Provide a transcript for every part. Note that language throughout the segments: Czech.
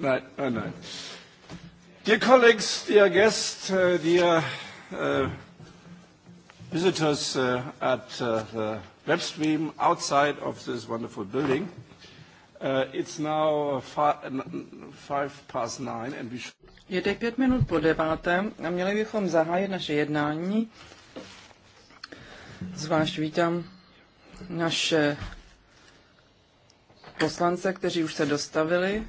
Nein, oh nein. Dear colleagues, dear guests, uh, dear uh, visitors uh, at uh, the web stream outside of this wonderful building. Uh, it's now five, five past nine and we should... Je teď pět minut po deváté a měli bychom zahájit naše jednání. Zvlášť vítám naše poslance, kteří už se dostavili.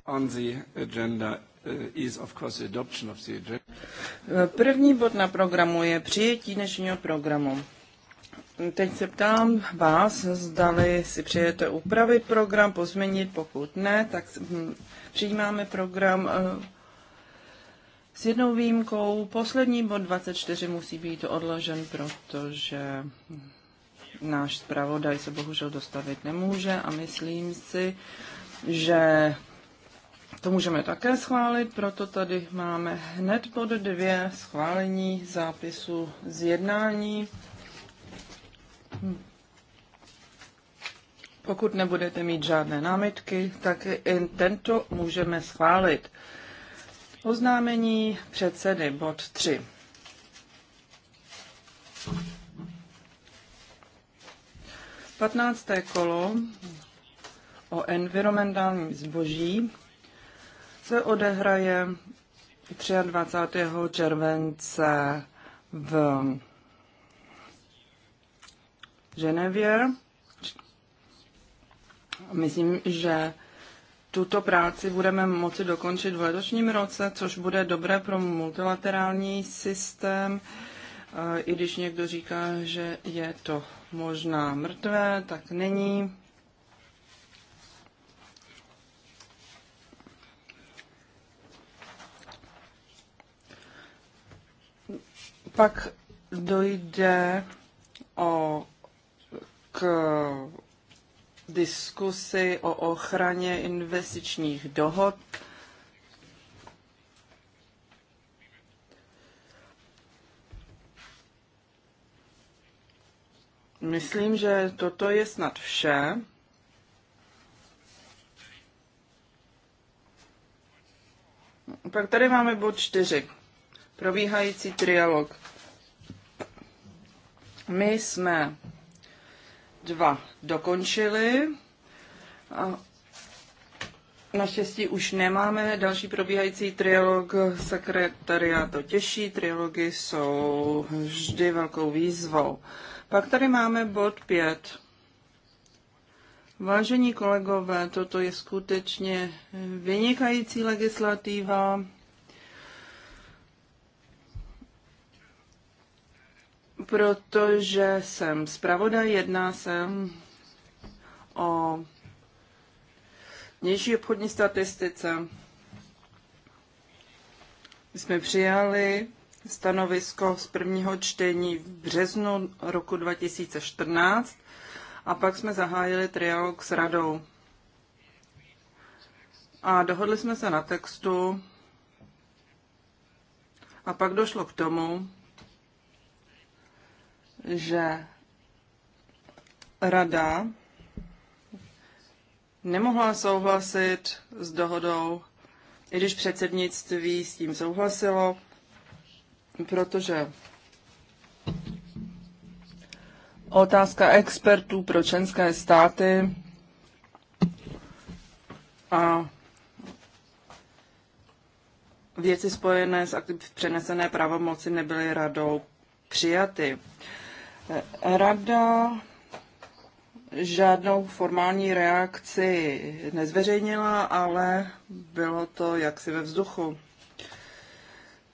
Uh, První bod na programu je přijetí dnešního programu. Teď se ptám vás, zdali si přejete upravit program, pozměnit, pokud ne, tak hm, přijímáme program uh, s jednou výjimkou. Poslední bod 24 musí být odložen, protože náš zpravodaj se bohužel dostavit nemůže a myslím si, že to můžeme také schválit, proto tady máme hned pod dvě schválení zápisu z jednání. Hm. Pokud nebudete mít žádné námitky, tak i tento můžeme schválit. Oznámení předsedy bod 3. 15. kolo o environmentálním zboží se odehraje 23. července v Ženevě. Myslím, že tuto práci budeme moci dokončit v letošním roce, což bude dobré pro multilaterální systém, e, i když někdo říká, že je to možná mrtvé, tak není. Pak dojde o, k diskusi o ochraně investičních dohod Myslím, že toto je snad vše. Pak tady máme bod 4. Probíhající trialog. My jsme dva dokončili. A naštěstí už nemáme další probíhající trialog. Sekretariá to těší. Trialogy jsou vždy velkou výzvou. Pak tady máme bod 5. Vážení kolegové, toto je skutečně vynikající legislativa. Protože jsem zpravodaj, jedná se o vnější obchodní statistice. My jsme přijali stanovisko z prvního čtení v březnu roku 2014 a pak jsme zahájili trialog s radou. A dohodli jsme se na textu a pak došlo k tomu, že rada nemohla souhlasit s dohodou, i když předsednictví s tím souhlasilo, protože otázka expertů pro členské státy a věci spojené s aktiv přenesené pravomoci nebyly radou přijaty. Rada žádnou formální reakci nezveřejnila, ale bylo to jaksi ve vzduchu.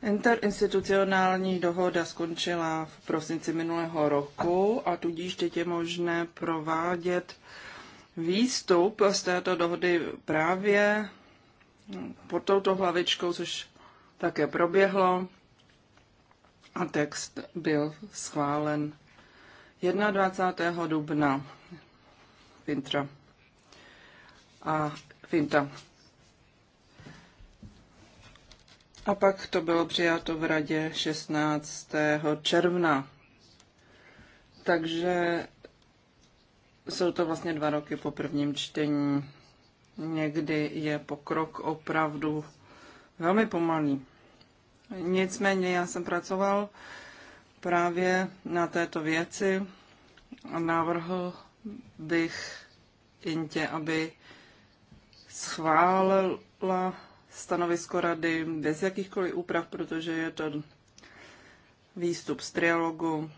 Interinstitucionální dohoda skončila v prosinci minulého roku a tudíž teď je možné provádět výstup z této dohody právě pod touto hlavičkou, což také proběhlo a text byl schválen 21. dubna Fintra. A Finta. A pak to bylo přijato v radě 16. června. Takže jsou to vlastně dva roky po prvním čtení. Někdy je pokrok opravdu velmi pomalý. Nicméně já jsem pracoval právě na této věci a navrhl bych Intě, aby schválila stanovisko rady bez jakýchkoliv úprav, protože je to výstup z trialogu.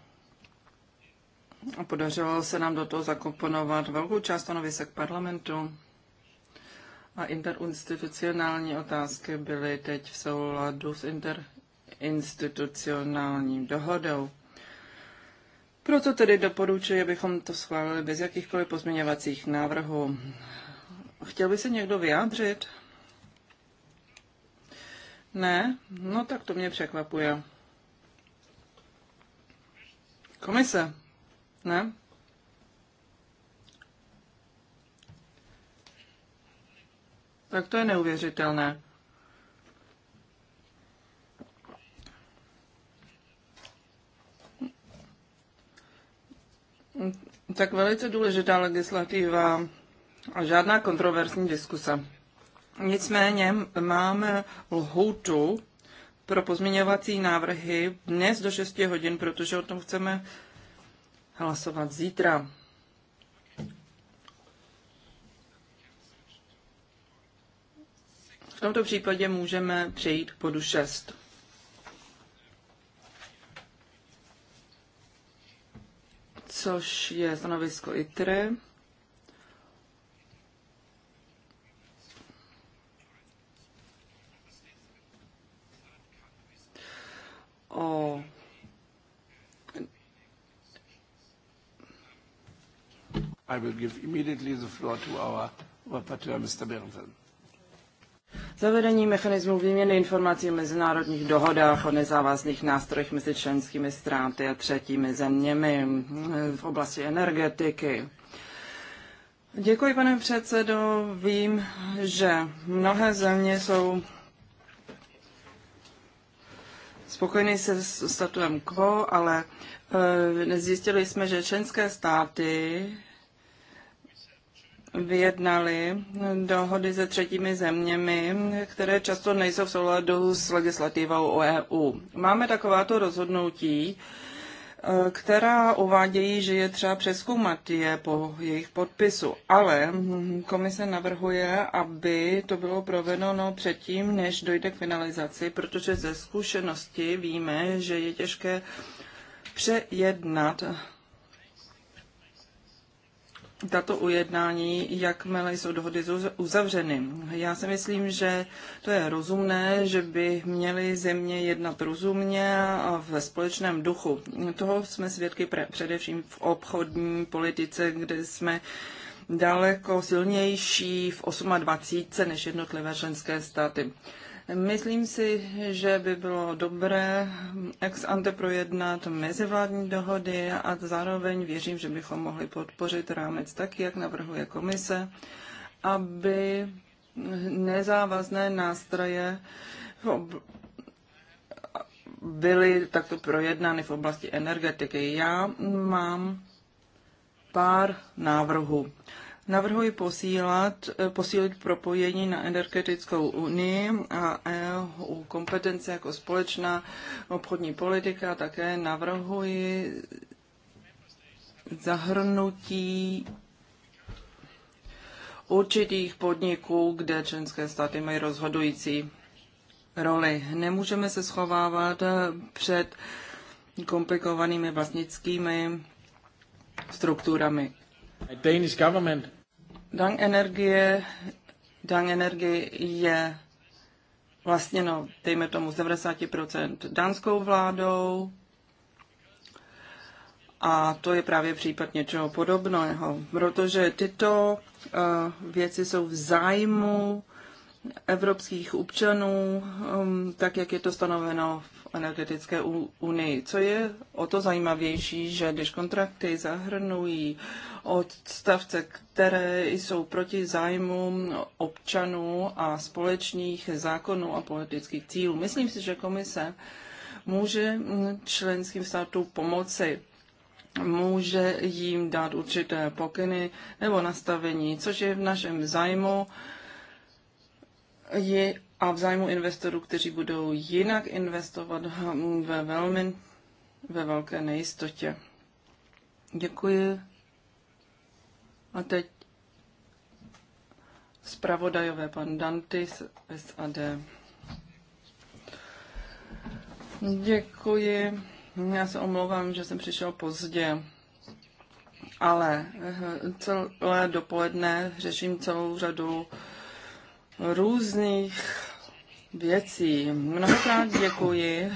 A podařilo se nám do toho zakomponovat velkou část stanovisek parlamentu. A interinstitucionální otázky byly teď v souladu s interinstitucionální dohodou. Proto tedy doporučuji, abychom to schválili bez jakýchkoliv pozměňovacích návrhů. Chtěl by se někdo vyjádřit? Ne? No tak to mě překvapuje. Komise? Ne? Tak to je neuvěřitelné. Tak velice důležitá legislativa a žádná kontroverzní diskuse. Nicméně máme lhoutu pro pozměňovací návrhy dnes do 6 hodin, protože o tom chceme hlasovat zítra. V tomto případě můžeme přejít k bodu 6. Což je stanovisko ITRE o I will give immediately the floor to our rapporteur, Mr. Berenfeld. Zavedení mechanismu výměny informací o mezinárodních dohodách o nezávazných nástrojích mezi členskými státy a třetími zeměmi v oblasti energetiky. Děkuji, pane předsedo. Vím, že mnohé země jsou spokojeni se statuem quo, ale eh, zjistili jsme, že členské státy vyjednali dohody se třetími zeměmi, které často nejsou v souladu s legislativou o EU. Máme takováto rozhodnutí, Eh, která uvádějí, že je třeba přeskoumat je po jejich podpisu. Ale hm, komise navrhuje, aby to bylo provedeno předtím, než dojde k finalizaci, protože ze zkušenosti víme, že je těžké přejednat tato ujednání, jakmile jsou dohody uzavřeny. Já si myslím, že to je rozumné, že by měly země jednat rozumně a ve společném duchu. Toho jsme svědky především v obchodní politice, kde jsme daleko silnější v 28 než jednotlivé členské státy. Myslím si, že by bylo dobré ex ante projednat mezivládní dohody a zároveň věřím, že bychom mohli podpořit rámec tak, jak navrhuje komise, aby nezávazné nástroje byly takto projednány v oblasti energetiky. Já mám pár návrhů. Navrhuji posílat, eh, posílit propojení na energetickou unii a EU kompetence jako společná obchodní politika. Také navrhuji zahrnutí určitých podniků, kde členské státy mají rozhodující roli. Nemůžeme se schovávat eh, před komplikovanými vlastnickými strukturami. Danish government. Dang energie, Dang energie je vlastně, no, dejme tomu, z 90% dánskou vládou. A to je právě případ něčeho podobného, protože tyto uh, věci jsou v zájmu evropských občanů, um, tak jak je to stanoveno v energetické unii. Co je o to zajímavější, že když kontrakty zahrnují odstavce, které jsou proti zájmům občanů a společných zákonů a politických cílů, myslím si, že komise může členským státům pomoci může jim dát určité pokyny nebo nastavení, což je v našem zájmu je a v zájmu investorů, kteří budou jinak investovat ve velmi ve velké nejistotě. Děkuji. A teď zpravodajové pan Dantis SAD. Děkuji. Já se omlouvám, že jsem přišel pozdě, ale eh, celé dopoledne řeším celou řadu různých věcí. Mnohokrát děkuji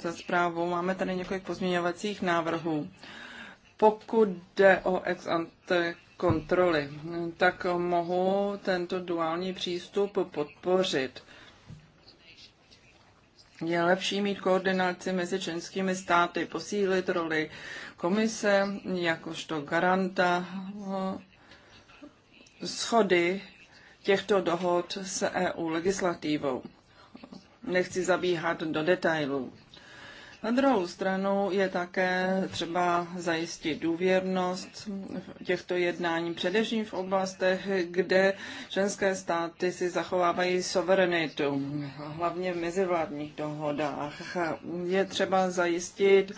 za zprávu. Máme tady několik pozměňovacích návrhů. Pokud jde o ex ante kontroly, tak mohu tento duální přístup podpořit. Je lepší mít koordinaci mezi členskými státy, posílit roli komise jakožto garanta eh, schody těchto dohod s EU legislativou nechci zabíhat do detailů. Na druhou stranu je také třeba zajistit důvěrnost těchto jednání, především v oblastech, kde ženské státy si zachovávají suverenitu, hlavně v mezivládních dohodách. Je třeba zajistit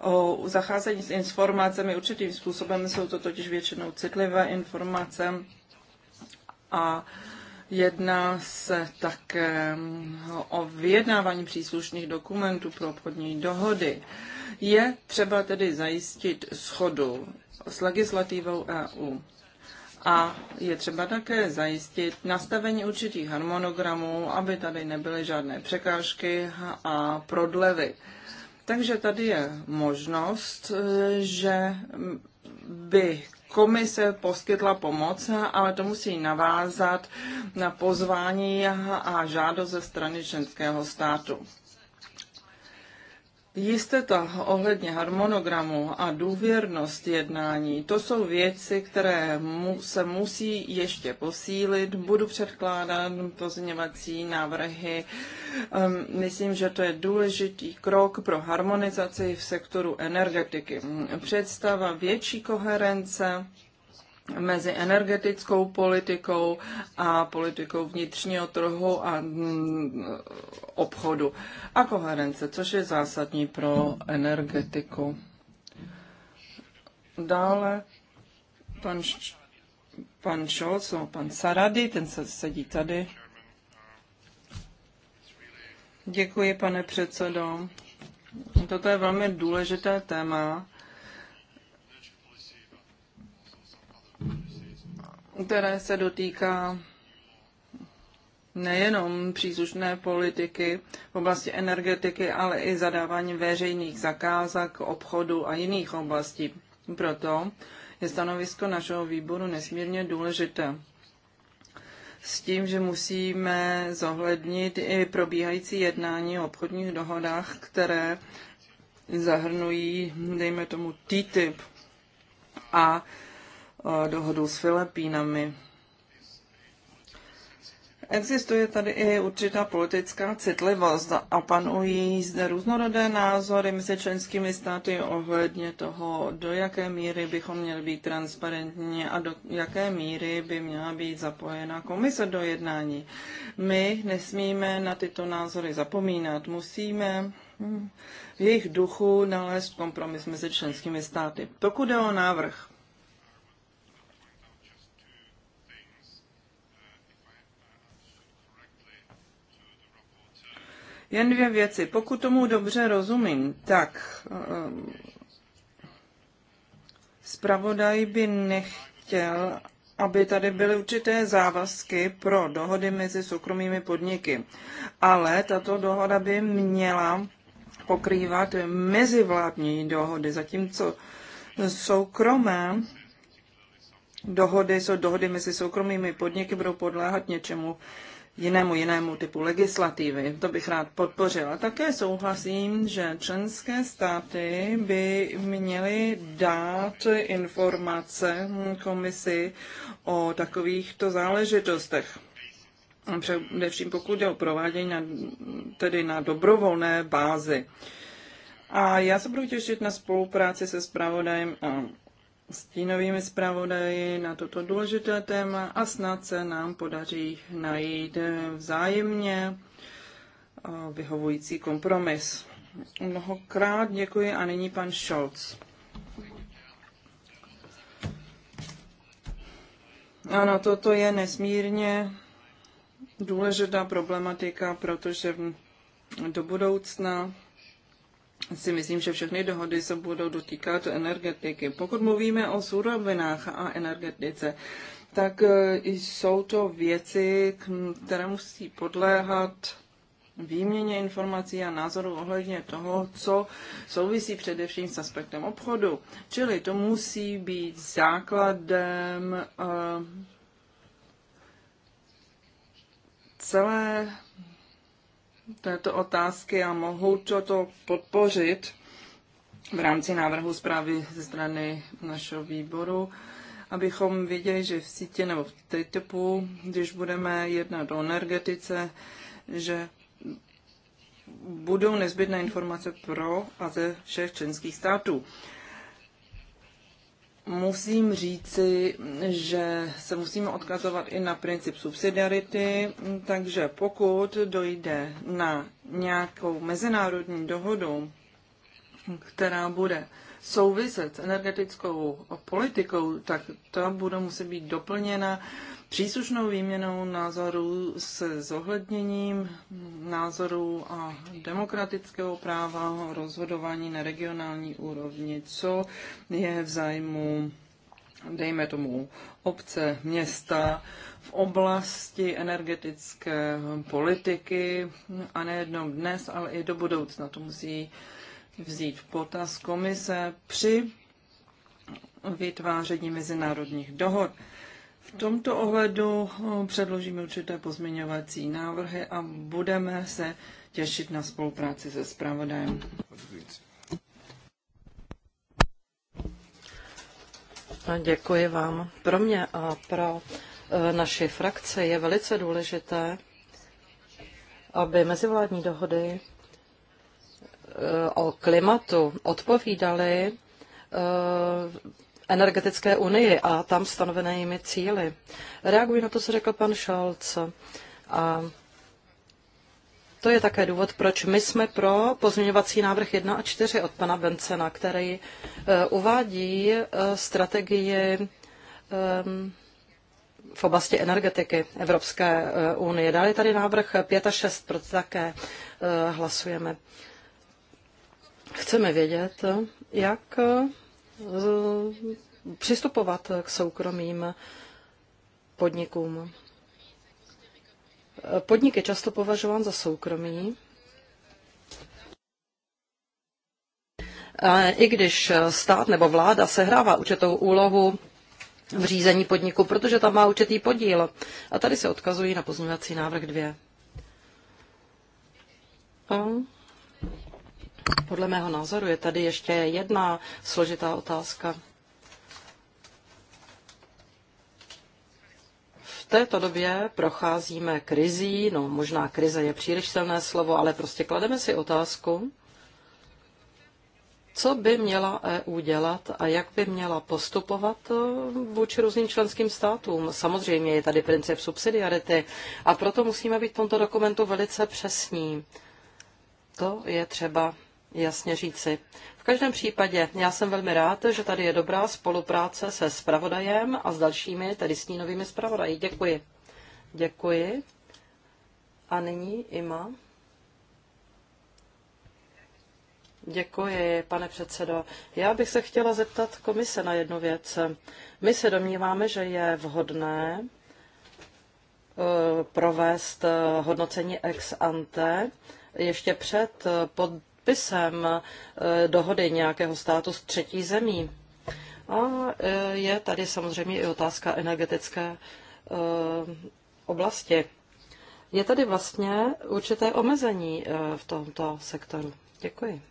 o zacházení s informacemi určitým způsobem, jsou to totiž většinou citlivé informace a Jedná se také o vyjednávání příslušných dokumentů pro obchodní dohody. Je třeba tedy zajistit schodu s legislativou EU. A je třeba také zajistit nastavení určitých harmonogramů, aby tady nebyly žádné překážky a prodlevy. Takže tady je možnost, že by komise poskytla pomoc, ale to musí navázat na pozvání a žádost ze strany členského státu. Jistota ohledně harmonogramu a důvěrnost jednání, to jsou věci, které mu, se musí ještě posílit. Budu předkládat pozměňovací návrhy. Um, myslím, že to je důležitý krok pro harmonizaci v sektoru energetiky. Představa větší koherence mezi energetickou politikou a politikou vnitřního trhu a mm, obchodu a koherence, což je zásadní pro energetiku. Dále pan, pan Scholz, no, pan Sarady, ten se sedí tady. Děkuji, pane předsedo. Toto je velmi důležité téma které se dotýká nejenom příslušné politiky v oblasti energetiky, ale i zadávání veřejných zakázek, obchodu a jiných oblastí. Proto je stanovisko našeho výboru nesmírně důležité. S tím, že musíme zohlednit i probíhající jednání o obchodních dohodách, které zahrnují, dejme tomu, TTIP a dohodu s Filipínami. Existuje tady i určitá politická citlivost a panují zde různorodé názory mezi členskými státy ohledně toho, do jaké míry bychom měli být transparentní a do jaké míry by měla být zapojena komise do jednání. My nesmíme na tyto názory zapomínat, musíme hm, v jejich duchu nalézt kompromis mezi členskými státy. Pokud je o návrh Jen dvě věci. Pokud tomu dobře rozumím, tak ehm, zpravodaj by nechtěl, aby tady byly určité závazky pro dohody mezi soukromými podniky. Ale tato dohoda by měla pokrývat mezivládní dohody, zatímco soukromé dohody jsou dohody mezi soukromými podniky, budou podléhat něčemu jinému jinému typu legislativy. To bych rád podpořila. Také souhlasím, že členské státy by měly dát informace komisi o takovýchto záležitostech. Především pokud je o provádění na, tedy na dobrovolné bázi. A já se budu těšit na spolupráci se zpravodajem a stínovými zpravodaji na toto důležité téma a snad se nám podaří najít vzájemně vyhovující kompromis. Mnohokrát děkuji a nyní pan Scholz. Ano, toto je nesmírně důležitá problematika, protože do budoucna si myslím, že všechny dohody se budou dotýkat energetiky. Pokud mluvíme o surovinách a energetice, tak e, jsou to věci, které musí podléhat výměně informací a názorů ohledně toho, co souvisí především s aspektem obchodu. Čili to musí být základem e, celé této otázky a mohu toto podpořit v rámci návrhu zprávy ze strany našeho výboru, abychom věděli, že v síti nebo v TTIPu, když budeme jednat o energetice, že budou nezbytné informace pro a ze všech členských států musím říci, že se musíme odkazovat i na princip subsidiarity, takže pokud dojde na nějakou mezinárodní dohodu, která bude souviset s energetickou politikou, tak ta bude muset být doplněna příslušnou výměnou názorů se zohledněním názorů a demokratického práva rozhodování na regionální úrovni, co je v zájmu dejme tomu obce, města, v oblasti energetické politiky a nejednou dnes, ale i do budoucna. To musí vzít v potaz komise při vytváření mezinárodních dohod tomto ohledu eh, předložíme určité pozměňovací návrhy a budeme se těšit na spolupráci se zpravodajem. Děkuji vám. Pro mě a pro eh, naši frakce je velice důležité, aby mezivládní dohody eh, o klimatu odpovídaly energetické unii a tam stanovenými cíly. Reaguji na to, co řekl pan Scholz. A to je také důvod, proč my jsme pro pozměňovací návrh 1 a 4 od pana Bencena, který eh, uvádí eh, strategii eh, v oblasti energetiky Evropské unie. Dále tady návrh 5 a 6, proto také hlasujeme. Chceme vědět, jak Eh, přistupovat k soukromým podnikům. Podnik je často považován za soukromý, i když stát nebo vláda sehrává určitou úlohu v řízení podniku, protože tam má určitý podíl. A tady se odkazují na pozměňovací návrh 2. Podle mého názoru je tady ještě jedna složitá otázka. V této době procházíme krizí, no možná krize je příliš silné slovo, ale prostě klademe si otázku, co by měla EU dělat a jak by měla postupovat eh, vůči různým členským státům. Samozřejmě je tady princip subsidiarity a proto musíme být v tomto dokumentu velice přesní. To je třeba jasně říci. V každém případě já jsem velmi rád, že tady je dobrá spolupráce se spravodajem a s dalšími, tedy s novými spravodají. Děkuji. Děkuji. A nyní Ima. Děkuji, pane předsedo. Já bych se chtěla zeptat komise na jednu věc. My se domníváme, že je vhodné eh, provést eh, hodnocení ex ante ještě před eh, pod podpisem eh, dohody nějakého státu s třetí zemí. A eh, je tady samozřejmě i otázka energetické eh, oblasti. Je tady vlastně určité omezení v tomto sektoru. Děkuji.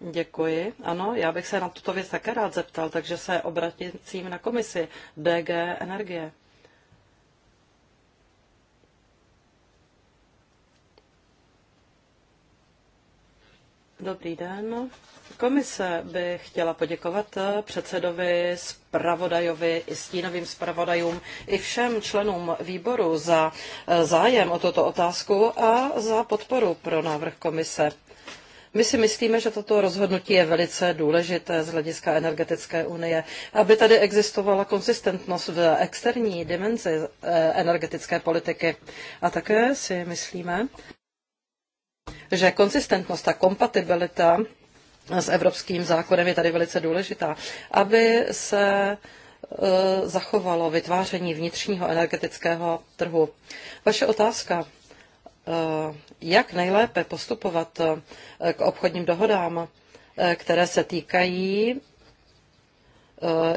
Děkuji. Ano, já bych se na tuto věc také rád zeptal, takže se obratím na komisi DG Energie. Dobrý den. Komise by chtěla poděkovat předsedovi, zpravodajovi i stínovým zpravodajům i všem členům výboru za eh, zájem o tuto otázku a za podporu pro návrh komise. My si myslíme, že toto rozhodnutí je velice důležité z hlediska energetické unie, aby tady existovala konsistentnost v externí dimenzi eh, energetické politiky. A také si myslíme, že konsistentnost a kompatibilita s evropským zákonem je tady velice důležitá, aby se e, zachovalo vytváření vnitřního energetického trhu. Vaše otázka, e, jak nejlépe postupovat e, k obchodním dohodám, které se týkají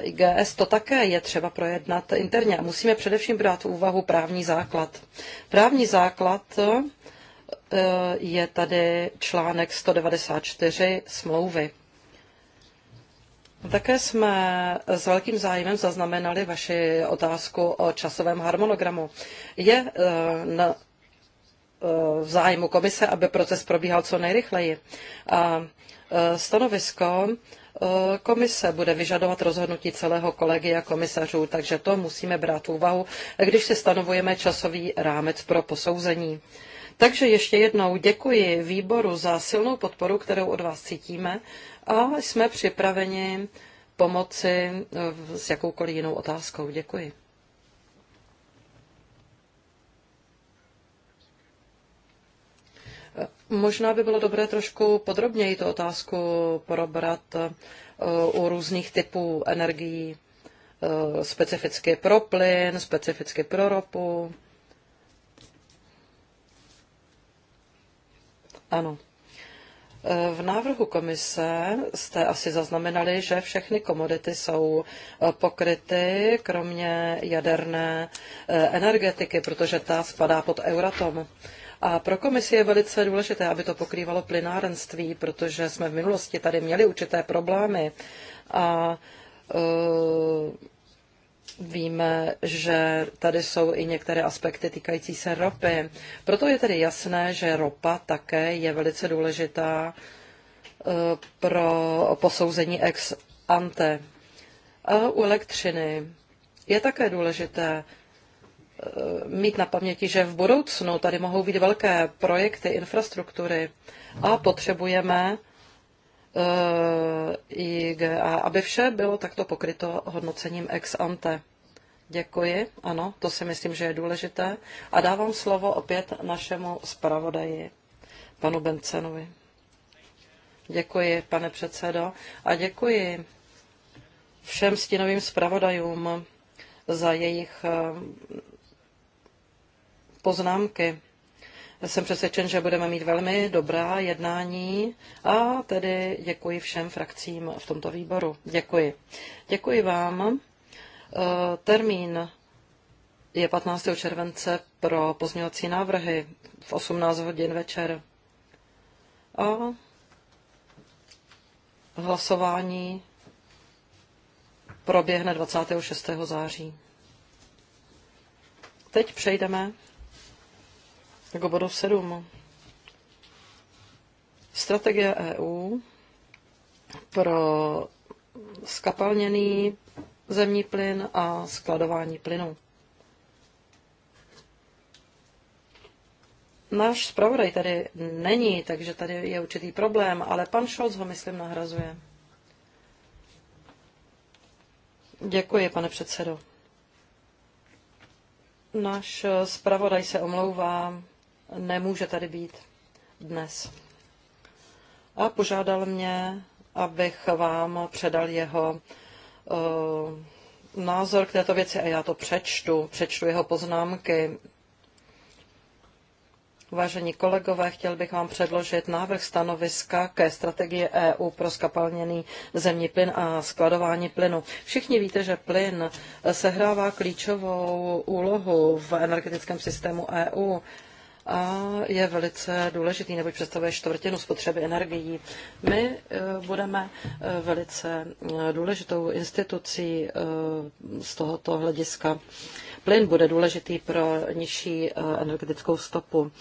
IGS, to také je třeba projednat interně. Musíme především brát v úvahu právní základ. Právní základ Eh, je tady článek 194 smlouvy. Také jsme s velkým zájmem zaznamenali vaši otázku o časovém harmonogramu. Je eh, na, eh, v zájmu komise, aby proces probíhal co nejrychleji. A stanovisko komise bude vyžadovat rozhodnutí celého kolegia komisařů, takže to musíme brát v úvahu, když si stanovujeme časový rámec pro posouzení. Takže ještě jednou děkuji výboru za silnou podporu, kterou od vás cítíme a jsme připraveni pomoci eh, s jakoukoliv jinou otázkou. Děkuji. Eh, možná by bylo dobré trošku podrobněji tu otázku probrat eh, u různých typů energií, specificky pro plyn, specificky pro ropu. Ano. E, v návrhu komise jste asi zaznamenali, že všechny komodity jsou e, pokryty, kromě jaderné e, energetiky, protože ta spadá pod Euratom. A pro komisi je velice důležité, aby to pokrývalo plynárenství, protože jsme v minulosti tady měli určité problémy. A uh, Víme, že tady jsou i některé aspekty týkající se ropy. Proto je tedy jasné, že ropa také je velice důležitá eh, pro posouzení ex ante. A u elektřiny je také důležité eh, mít na paměti, že v budoucnu tady mohou být velké projekty infrastruktury a potřebujeme Eh, aby vše bylo takto pokryto hodnocením ex ante. Děkuji, ano, to si myslím, že je důležité. A dávám slovo opět našemu zpravodaji, panu Bencenovi. Děkuji, pane předsedo, a děkuji všem stínovým zpravodajům za jejich eh, poznámky jsem přesvědčen, že budeme mít velmi dobrá jednání a tedy děkuji všem frakcím v tomto výboru. Děkuji. Děkuji vám. E, termín je 15. července pro pozměňovací návrhy v 18 hodin večer. A hlasování proběhne 26. září. Teď přejdeme jako bodu 7. Strategie EU pro skapalněný zemní plyn a skladování plynu. Náš zpravodaj tady není, takže tady je určitý problém, ale pan Scholz ho, myslím, nahrazuje. Děkuji, pane předsedo. Náš zpravodaj se omlouvá nemůže tady být dnes. A požádal mě, abych vám předal jeho uh, názor k této věci a já to přečtu, přečtu jeho poznámky. Vážení kolegové, chtěl bych vám předložit návrh stanoviska ke strategii EU pro skapalněný zemní plyn a skladování plynu. Všichni víte, že plyn sehrává klíčovou úlohu v energetickém systému EU a je velice důležitý, neboť představuje čtvrtinu spotřeby energií. My eh, budeme eh, velice eh, důležitou institucí z tohoto hlediska. Plyn bude důležitý pro nižší energetickou stopu.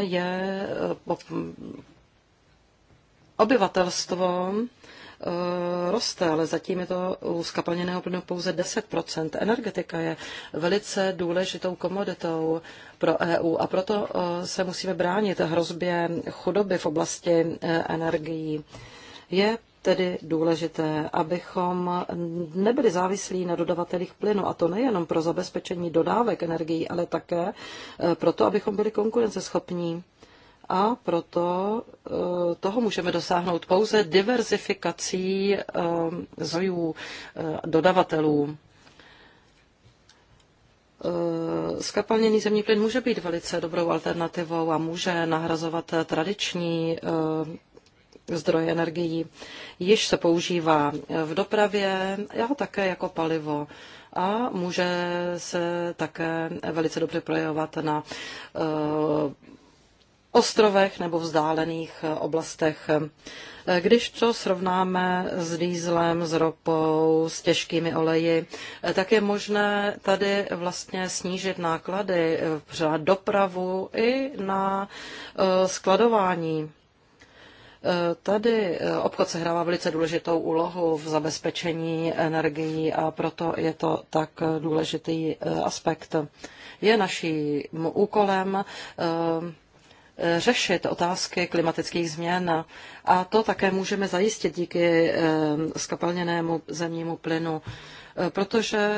Je obyvatelstvo Eh, roste, ale zatím je to u skapalněného plynu pouze 10%. Energetika je velice důležitou komoditou pro EU a proto eh, se musíme bránit hrozbě chudoby v oblasti eh, energií. Je tedy důležité, abychom nebyli závislí na dodavatelích plynu, a to nejenom pro zabezpečení dodávek energií, ale také proto, abychom byli konkurenceschopní a proto eh, toho můžeme dosáhnout pouze diverzifikací eh, zdrojů eh, dodavatelů. Skapalněný zemní plyn může být velice dobrou alternativou a může nahrazovat tradiční zdroje energií. Již se používá v dopravě a také jako palivo a může se také velice dobře projevovat na ostrovech nebo vzdálených eh, oblastech. Eh, když to srovnáme s dýzlem, s ropou, s těžkými oleji, eh, tak je možné tady vlastně snížit náklady na dopravu i na skladování. Tady obchod sehrává velice důležitou úlohu v zabezpečení energií a proto je to tak důležitý aspekt. Je naším úkolem Eh, řešit otázky klimatických změn. A to také můžeme zajistit díky eh, skapalněnému zemnímu plynu eh, protože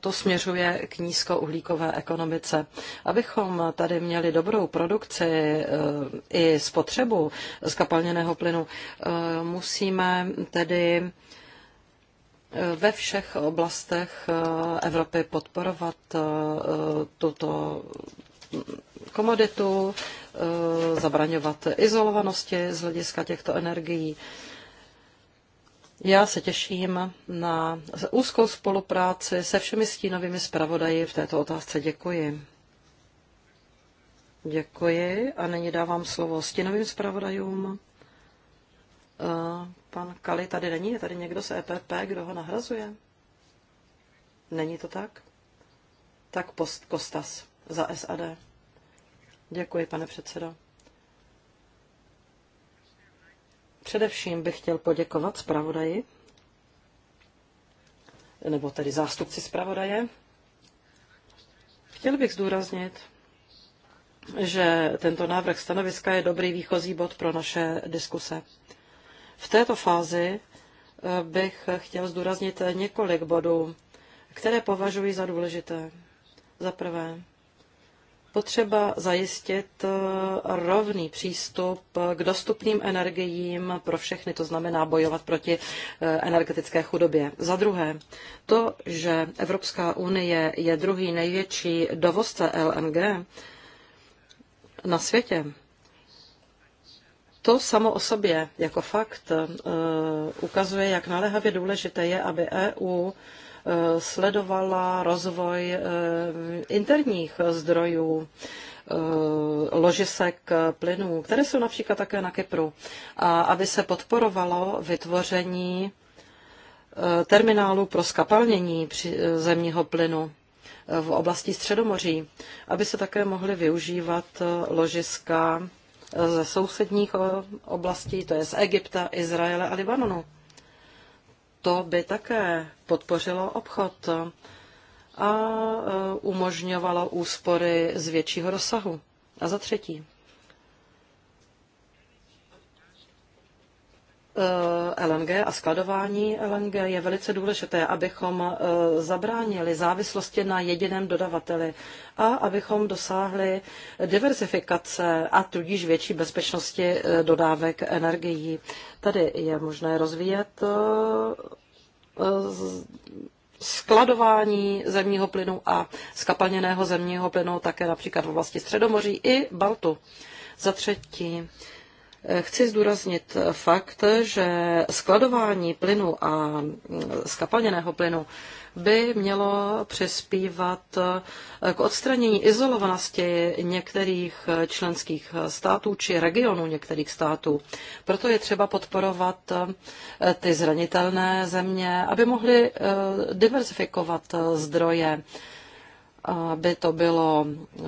to směřuje k nízkouhlíkové ekonomice. Abychom tady měli dobrou produkci i spotřebu skapalněného plynu, musíme tedy ve všech oblastech Evropy podporovat tuto komoditu, eh, zabraňovat izolovanosti z hlediska těchto energií. Já se těším na úzkou spolupráci se všemi stínovými zpravodaji v této otázce. Děkuji. Děkuji a nyní dávám slovo stínovým zpravodajům. Eh, pan Kali tady není, je tady někdo z EPP, kdo ho nahrazuje? Není to tak? Tak post, Kostas za SAD. Děkuji, pane předsedo. Především bych chtěl poděkovat zpravodaji, nebo tedy zástupci zpravodaje. Chtěl bych zdůraznit, že tento návrh stanoviska je dobrý výchozí bod pro naše diskuse. V této fázi eh, bych chtěl zdůraznit několik bodů, které považuji za důležité. Za prvé, potřeba zajistit eh, rovný přístup k dostupným energiím pro všechny, to znamená bojovat proti eh, energetické chudobě. Za druhé, to, že Evropská unie je druhý největší dovozce LNG na světě, to samo o sobě jako fakt eh, ukazuje, jak naléhavě důležité je, aby EU Eh, sledovala rozvoj eh, interních zdrojů eh, ložisek plynů, které jsou například také na Kypru, a aby se podporovalo vytvoření terminálu pro skapalnění zemního plynu v oblasti Středomoří, aby se také mohly využívat ložiska ze sousedních oblastí, to je z Egypta, Izraele a Libanonu to by také podpořilo obchod a e, umožňovalo úspory z většího rozsahu. A za třetí, Eh, LNG a skladování LNG je velice důležité, abychom eh, zabránili závislosti na jediném dodavateli a abychom dosáhli diversifikace a tudíž větší bezpečnosti eh, dodávek energií. Tady je možné rozvíjet skladování zemního plynu a skapalněného zemního plynu také například v oblasti Středomoří i Baltu. Za třetí, Chci zdůraznit fakt, že skladování plynu a skapalněného plynu by mělo přispívat k odstranění izolovanosti některých členských států či regionů některých států. Proto je třeba podporovat ty zranitelné země, aby mohly eh, diversifikovat zdroje aby to bylo eh,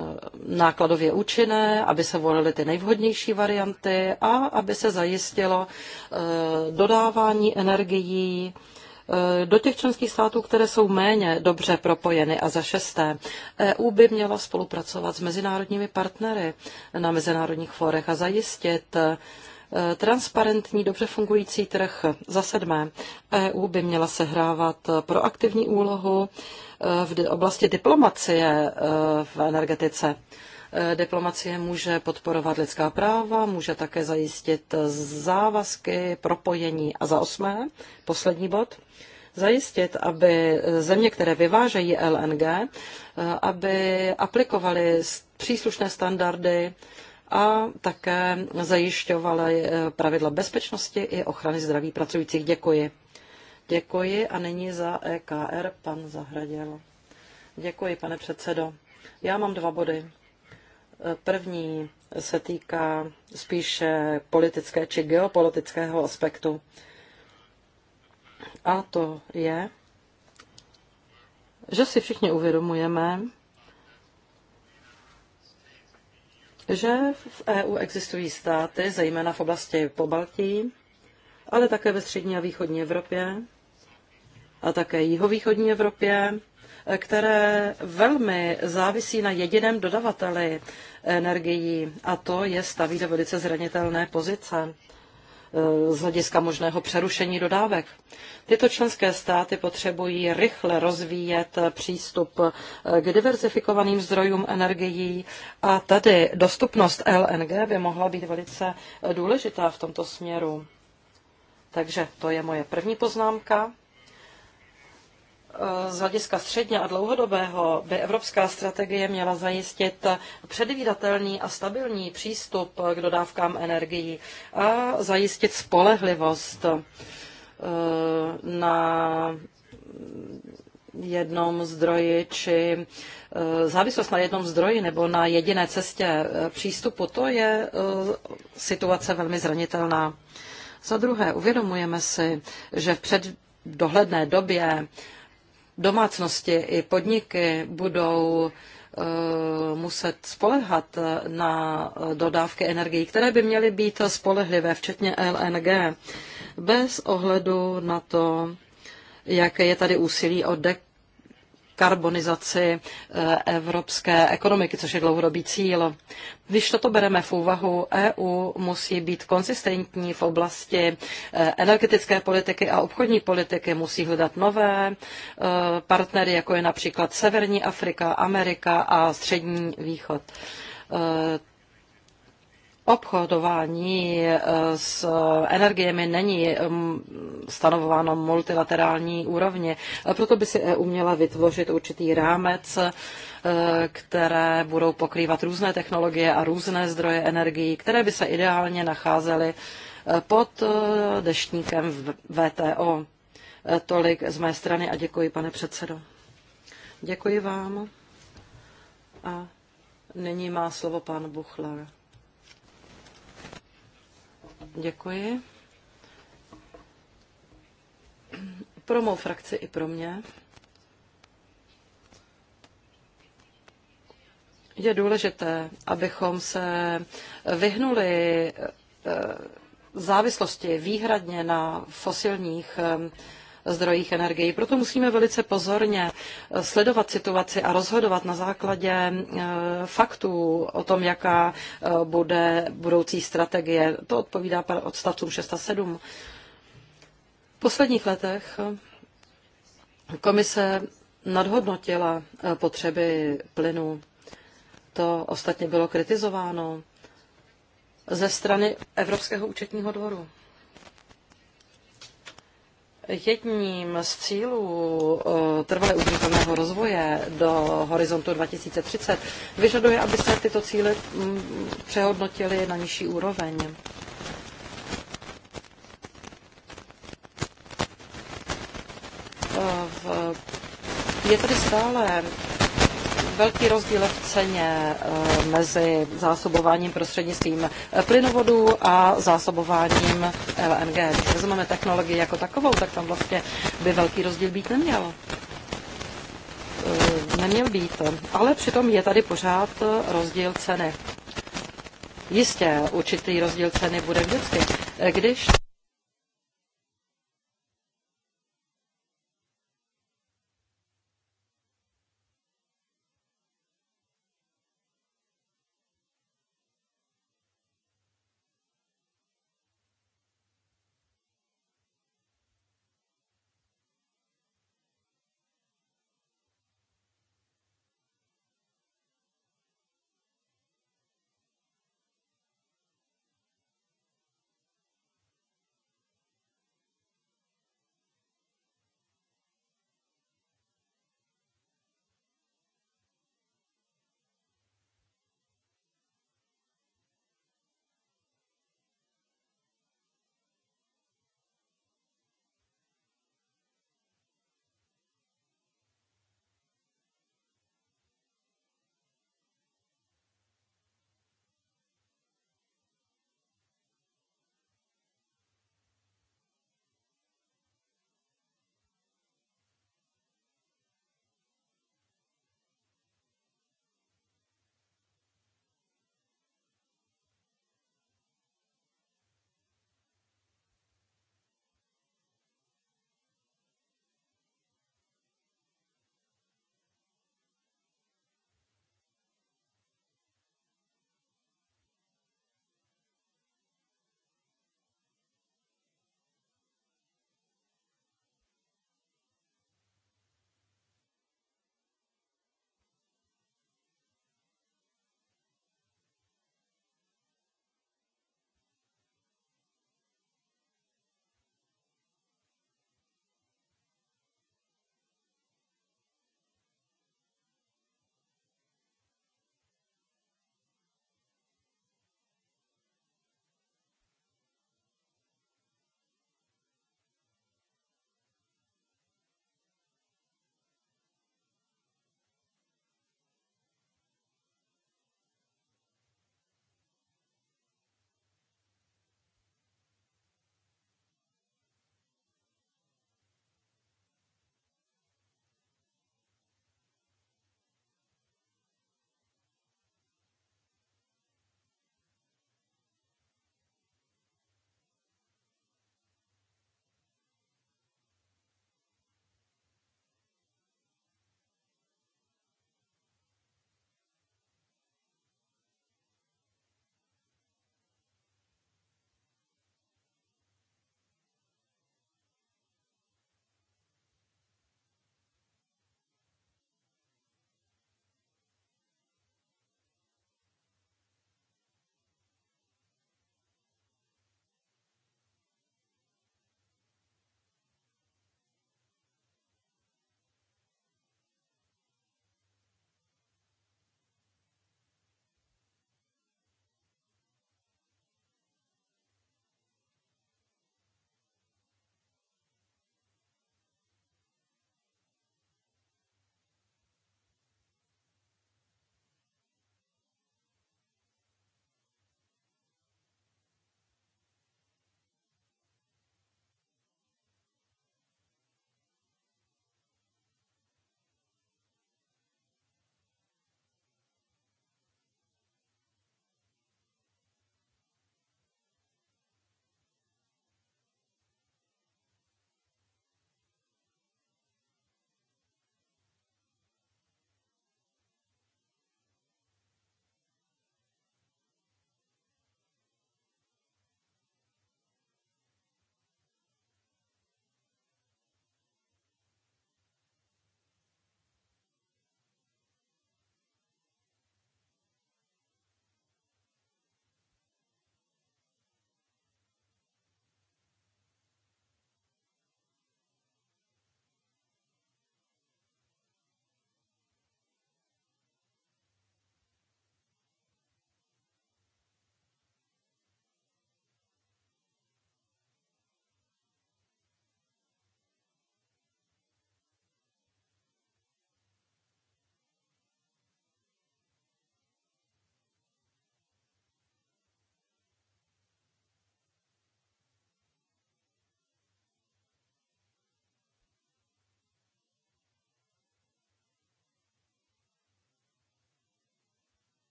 nákladově účinné, aby se volily ty nejvhodnější varianty a aby se zajistilo eh, dodávání energií eh, do těch členských států, které jsou méně dobře propojeny. A za šesté, EU by měla spolupracovat s mezinárodními partnery na mezinárodních fórech a zajistit transparentní, dobře fungující trh. Za sedmé, EU by měla sehrávat proaktivní úlohu eh, v oblasti diplomacie eh, v energetice. Eh, diplomacie může podporovat lidská práva, může také zajistit závazky, propojení a za osmé, poslední bod, zajistit, aby země, které vyvážejí LNG, aby aplikovaly příslušné standardy a také zajišťovala eh, pravidla bezpečnosti i ochrany zdraví pracujících. Děkuji. Děkuji a nyní za EKR pan Zahraděl. Děkuji, pane předsedo. Já mám dva body. První se týká spíše politické či geopolitického aspektu. A to je, že si všichni uvědomujeme, že v EU existují státy, zejména v oblasti Pobaltí, ale také ve střední a východní Evropě a také jihovýchodní Evropě, které velmi závisí na jediném dodavateli energií a to je staví do velice zranitelné pozice. Eh, z hlediska možného přerušení dodávek. Tyto členské státy potřebují rychle rozvíjet přístup eh, k diverzifikovaným zdrojům energií a tady dostupnost LNG by mohla být velice eh, důležitá v tomto směru. Takže to je moje první poznámka z hlediska středně a dlouhodobého by evropská strategie měla zajistit předvídatelný a stabilní přístup k dodávkám energií a zajistit spolehlivost eh, na jednom zdroji či eh, závislost na jednom zdroji nebo na jediné cestě eh, přístupu, to je situace velmi zranitelná. Za druhé, uvědomujeme si, že v před dohledné době domácnosti i podniky budou eh, muset spolehat na dodávky energií, které by měly být spolehlivé, včetně LNG, bez ohledu na to, jaké je tady úsilí o dek dekarbonizaci eh, evropské ekonomiky, což je dlouhodobý cíl. Když toto bereme v úvahu, EU musí být konsistentní v oblasti eh, energetické politiky a obchodní politiky, musí hledat nové eh, partnery, jako je například Severní Afrika, Amerika a Střední východ Obchodování eh, s energiemi není mm, stanovováno multilaterální úrovni, proto by si EU měla vytvořit určitý rámec, eh, které budou pokrývat různé technologie a různé zdroje energií, které by se ideálně nacházely eh, pod deštníkem v VTO. Tolik z mé strany a děkuji, pane předsedo. Děkuji vám. A nyní má slovo pan Buchler. Děkuji. Pro mou frakci i pro mě je důležité, abychom se vyhnuli eh, závislosti výhradně na fosilních eh, zdrojích energie. Proto musíme velice pozorně eh, sledovat situaci a rozhodovat na základě eh, faktů o tom, jaká eh, bude budoucí strategie. To odpovídá odstavcům 6 a 7. V posledních letech komise nadhodnotila potřeby plynu. To ostatně bylo kritizováno ze strany Evropského účetního dvoru. Jedním z cílů eh, trvale udržitelného rozvoje do horizontu 2030 vyžaduje, aby se tyto cíle mm, přehodnotily na nižší úroveň. Eh, je tedy stále velký rozdíl v ceně eh, mezi zásobováním prostřednictvím eh, plynovodů a zásobováním eh, LNG. Když vezmeme technologii jako takovou, tak tam vlastně by velký rozdíl být neměl. Neměl být. Ale přitom je tady pořád rozdíl ceny. Jistě určitý rozdíl ceny bude vždycky. Když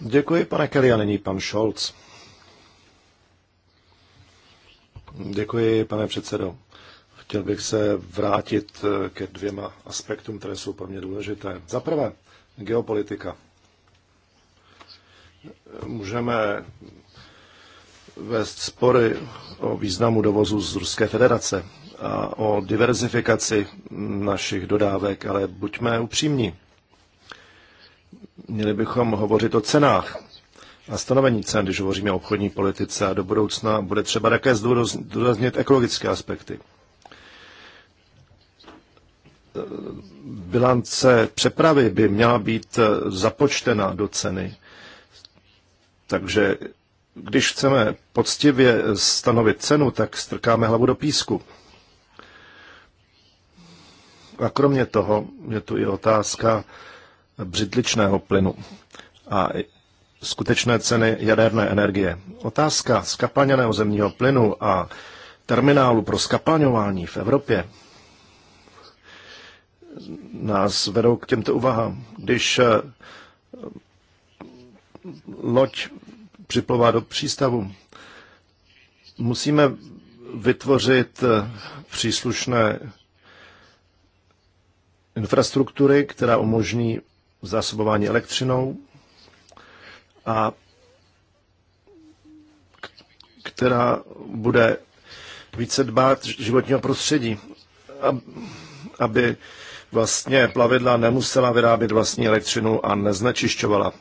Děkuji, pane Kelly, a nyní pan Scholz. Děkuji, pane předsedo. Chtěl bych se vrátit eh, ke dvěma aspektům, které jsou pro mě důležité. Za prvé, geopolitika. Můžeme vést spory o významu dovozu z Ruské federace a o diverzifikaci našich dodávek, ale buďme upřímní. Měli bychom hovořit o cenách a stanovení cen, když hovoříme o obchodní politice a do budoucna bude třeba také zdůraznit ekologické aspekty. Bilance přepravy by měla být započtena do ceny. Takže když chceme poctivě stanovit cenu, tak strkáme hlavu do písku. A kromě toho je tu i otázka břidličného plynu a skutečné ceny jaderné energie. Otázka skapaněného zemního plynu a terminálu pro skapaňování v Evropě nás vedou k těmto uvahám. Když eh, loď připlouvá do přístavu, musíme vytvořit eh, příslušné infrastruktury, která umožní zásobování elektřinou a která bude více dbát životního prostředí, aby vlastně plavidla nemusela vyrábět vlastní elektřinu a neznečišťovala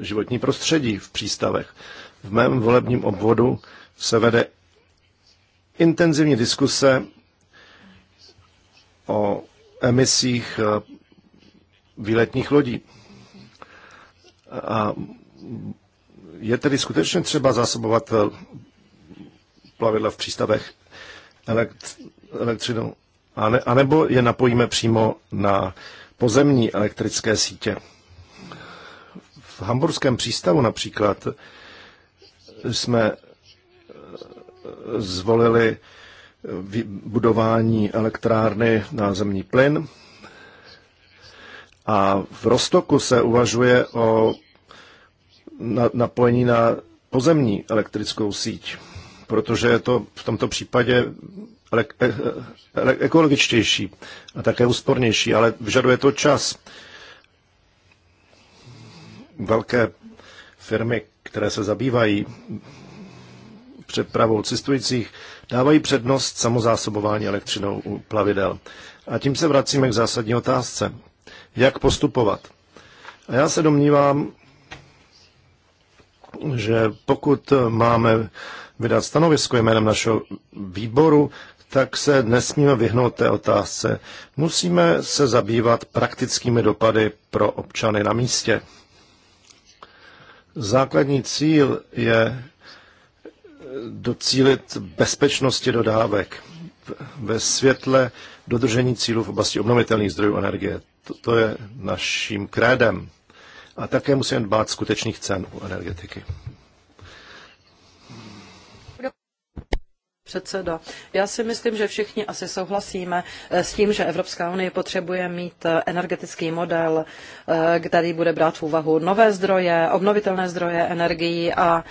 životní prostředí v přístavech. V mém volebním obvodu se vede intenzivní diskuse o emisích výletních lodí. A je tedy skutečně třeba zásobovat eh, plavidla v přístavech elektřinou, anebo je napojíme přímo na pozemní elektrické sítě. V hamburském přístavu například jsme eh, zvolili eh, budování elektrárny na zemní plyn a v Rostoku se uvažuje o napojení na pozemní elektrickou síť, protože je to v tomto případě eh, eh, ekologičtější a také úspornější, ale vyžaduje to čas. Velké firmy, které se zabývají přepravou cestujících, dávají přednost samozásobování elektřinou u plavidel. A tím se vracíme k zásadní otázce jak postupovat. A já se domnívám, že pokud máme vydat stanovisko jménem našeho výboru, tak se nesmíme vyhnout té otázce. Musíme se zabývat praktickými dopady pro občany na místě. Základní cíl je docílit bezpečnosti dodávek ve světle dodržení cílů v oblasti obnovitelných zdrojů energie. To, to je naším krédem. A také musíme dbát skutečných cen u energetiky. předseda. Já si myslím, že všichni asi souhlasíme eh, s tím, že Evropská unie potřebuje mít eh, energetický model, eh, který bude brát v úvahu nové zdroje, obnovitelné zdroje energií a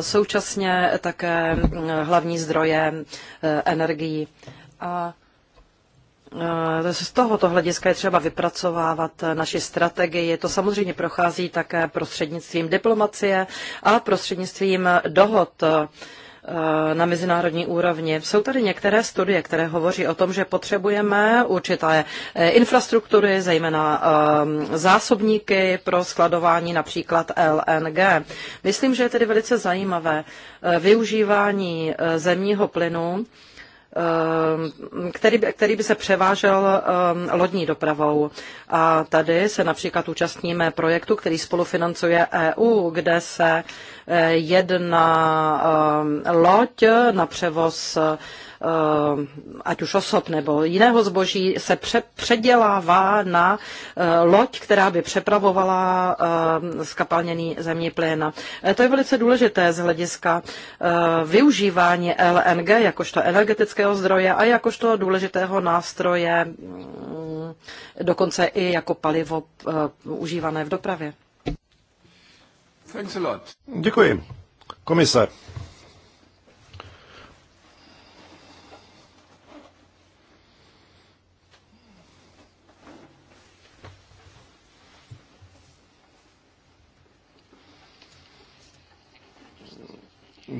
současně také hm, hlavní zdroje energií. A Eh, z tohoto hlediska je třeba vypracovávat naši strategii. To samozřejmě prochází také prostřednictvím diplomacie a prostřednictvím dohod eh, na mezinárodní úrovni. Jsou tady některé studie, které hovoří o tom, že potřebujeme určité eh, infrastruktury, zejména zásobníky pro skladování například LNG. Myslím, že je tedy velice zajímavé využívání zemního plynu Ehm, který, který by se převážel ehm, lodní dopravou. A tady se například účastníme projektu, který spolufinancuje EU, kde se eh, jedna ehm, loď na převoz Eh, ať už osob nebo jiného zboží, se pře- předělává na eh, loď, která by přepravovala eh, skapalněný zemní plyn. To je velice důležité z hlediska využívání LNG jakožto energetického zdroje a jakožto důležitého nástroje, mm, dokonce i jako palivo užívané v dopravě. Děkuji. Komise.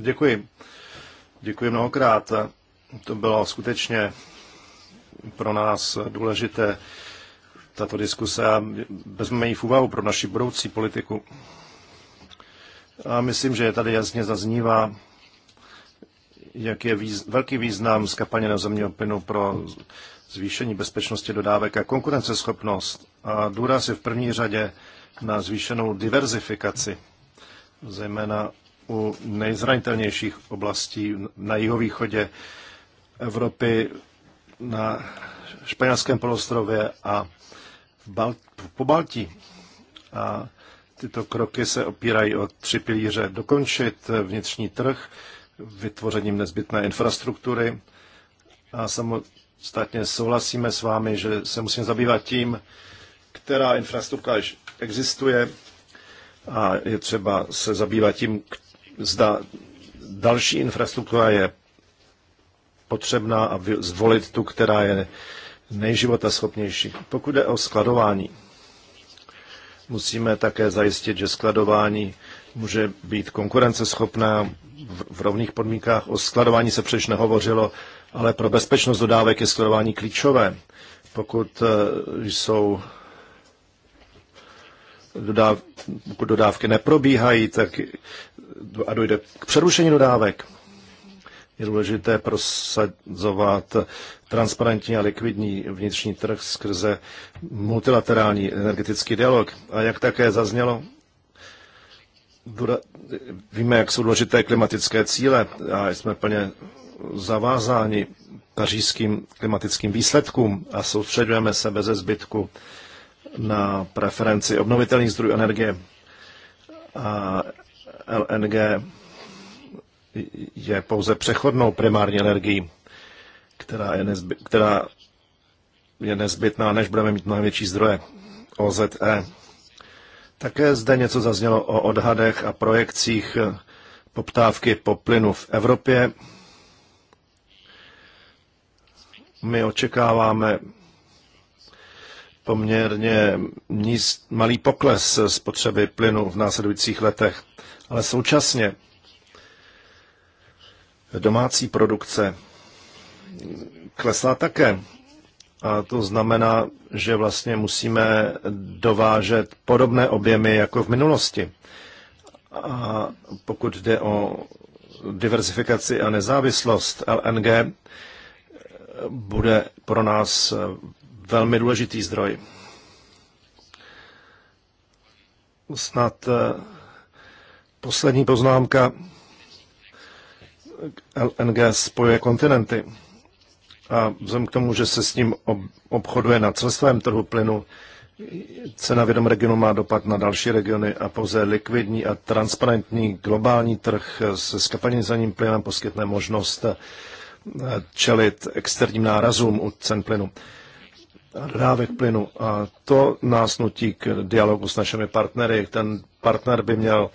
Děkuji. Děkuji mnohokrát. To bylo skutečně pro nás důležité, tato diskuse a vezmeme ji v úvahu pro naši budoucí politiku. A myslím, že tady jasně zaznívá, jak je výz, velký význam na zemního plynu pro zvýšení bezpečnosti dodávek a konkurenceschopnost. A důraz je v první řadě na zvýšenou diverzifikaci, zejména u nejzranitelnějších oblastí na jihovýchodě Evropy, na španělském polostrově a v Bal- po Baltí. A tyto kroky se opírají o tři pilíře. Dokončit vnitřní trh vytvořením nezbytné infrastruktury a samostatně souhlasíme s vámi, že se musíme zabývat tím, která infrastruktura existuje a je třeba se zabývat tím, zda další infrastruktura je potřebná a zvolit tu, která je nejživotaschopnější. Pokud jde o skladování, musíme také zajistit, že skladování může být konkurenceschopná v rovných podmínkách. O skladování se příliš nehovořilo, ale pro bezpečnost dodávek je skladování klíčové. Pokud eh, jsou dodáv, dodávky neprobíhají, tak a dojde k přerušení dodávek. Je důležité prosazovat transparentní a likvidní vnitřní trh skrze multilaterální energetický dialog. A jak také zaznělo, víme, jak jsou důležité klimatické cíle a jsme plně zavázáni pařížským klimatickým výsledkům a soustředujeme se bez zbytku na preferenci obnovitelných zdrojů energie. A LNG je pouze přechodnou primární energií, která je, nezby, která je nezbytná, než budeme mít mnohem větší zdroje OZE. Také zde něco zaznělo o odhadech a projekcích poptávky po plynu v Evropě. My očekáváme poměrně níz, malý pokles spotřeby plynu v následujících letech, ale současně domácí produkce klesá také. A to znamená, že vlastně musíme dovážet podobné objemy jako v minulosti. A pokud jde o diversifikaci a nezávislost LNG, bude pro nás velmi důležitý zdroj. Snad eh, poslední poznámka. LNG spojuje kontinenty. A vzhledem k tomu, že se s ním obchoduje na celostvém trhu plynu, cena v jednom regionu má dopad na další regiony a pouze likvidní a transparentní globální trh se skapanizaním plynem poskytne možnost eh, čelit externím nárazům u cen plynu dodávek plynu. A to nás nutí k dialogu s našimi partnery. Ten partner by měl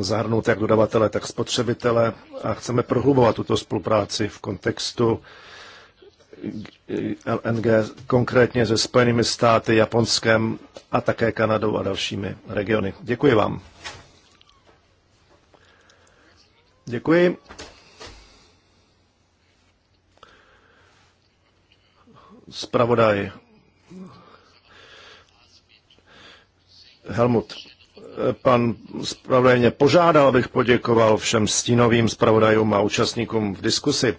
zahrnout jak dodavatele, tak spotřebitele a chceme prohlubovat tuto spolupráci v kontextu LNG, konkrétně se Spojenými státy, Japonskem a také Kanadou a dalšími regiony. Děkuji vám. Děkuji. zpravodaj Helmut. Pan zpravodaj mě požádal, abych poděkoval všem stínovým zpravodajům a účastníkům v diskusi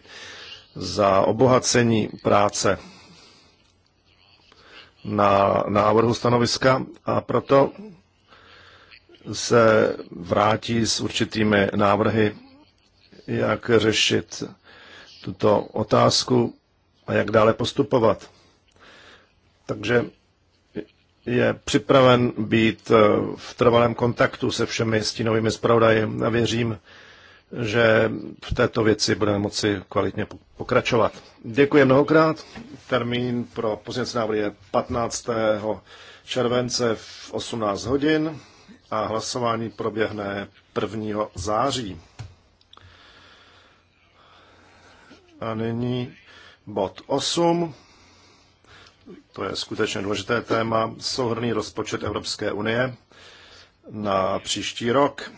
za obohacení práce na návrhu stanoviska a proto se vrátí s určitými návrhy, jak řešit tuto otázku a jak dále postupovat. Takže je připraven být eh, v trvalém kontaktu se všemi stínovými zpravodaji a věřím, že v této věci budeme moci kvalitně pokračovat. Děkuji mnohokrát. Termín pro pozněcí návrh je 15. července v 18 hodin a hlasování proběhne 1. září. A nyní Bod 8, to je skutečně důležité téma, souhrný rozpočet Evropské unie na příští rok.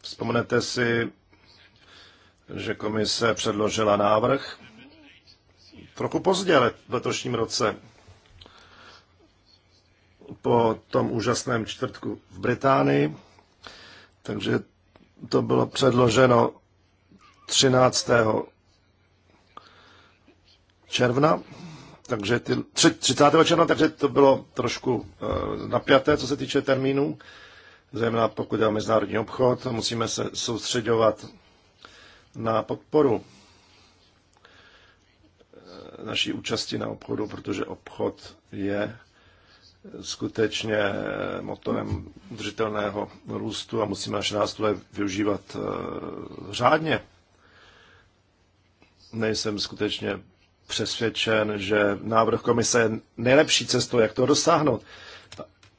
Vzpomenete si, že komise předložila návrh trochu pozdě ale v letošním roce. Po tom úžasném čtvrtku v Británii. Takže to bylo předloženo 13 června, takže ty, 30. června, takže to bylo trošku eh, napjaté, co se týče termínů, zejména pokud je o mezinárodní obchod, musíme se soustředovat na podporu eh, naší účasti na obchodu, protože obchod je skutečně eh, motorem udržitelného růstu a musíme naše nástroje využívat řádně. Nejsem skutečně přesvědčen, že návrh komise je nejlepší cestou, jak to dosáhnout.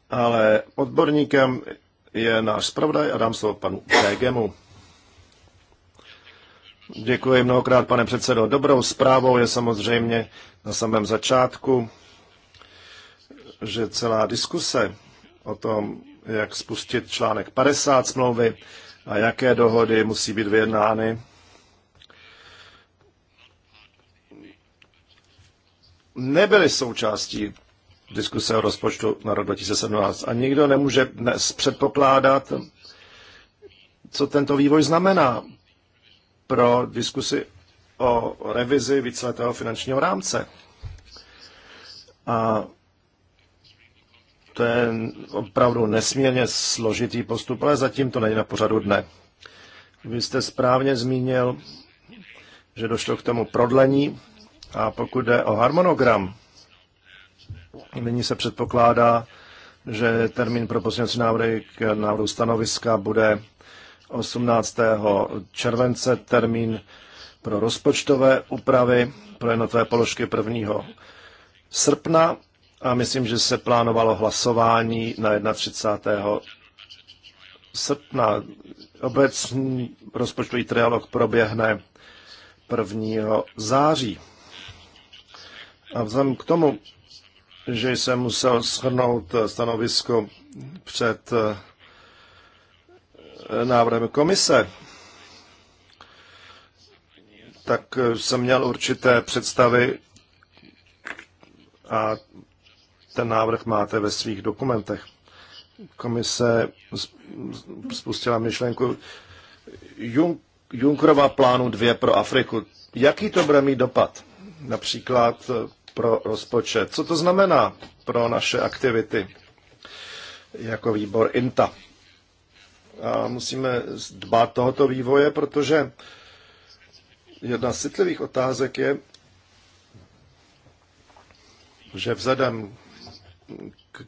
Ale odborníkem je náš zpravodaj a dám slovo panu Tegemu. Děkuji mnohokrát, pane předsedo. Dobrou zprávou je samozřejmě na samém začátku, že celá diskuse o tom, jak spustit článek 50 smlouvy a jaké dohody musí být vyjednány, nebyly součástí diskuse o rozpočtu na rok 2017 a nikdo nemůže dnes předpokládat, co tento vývoj znamená pro diskusi o revizi víceletého finančního rámce. A to je opravdu nesmírně složitý postup, ale zatím to není na pořadu dne. Vy jste správně zmínil, že došlo k tomu prodlení a pokud jde o harmonogram, nyní se předpokládá, že termín pro pozměňovací návrhy k návrhu stanoviska bude 18. července, termín pro rozpočtové úpravy pro jednotlivé položky 1. srpna a myslím, že se plánovalo hlasování na 31. srpna. Obecný rozpočtový trialog proběhne 1. září. A vzhledem k tomu, že jsem musel shrnout stanovisko před eh, návrhem komise, tak eh, jsem měl určité představy a ten návrh máte ve svých dokumentech. Komise spustila myšlenku Junkrova plánu 2 pro Afriku. Jaký to bude mít dopad? například eh, pro rozpočet. Co to znamená pro naše aktivity jako výbor INTA? A musíme dbát tohoto vývoje, protože jedna z citlivých otázek je, že vzhledem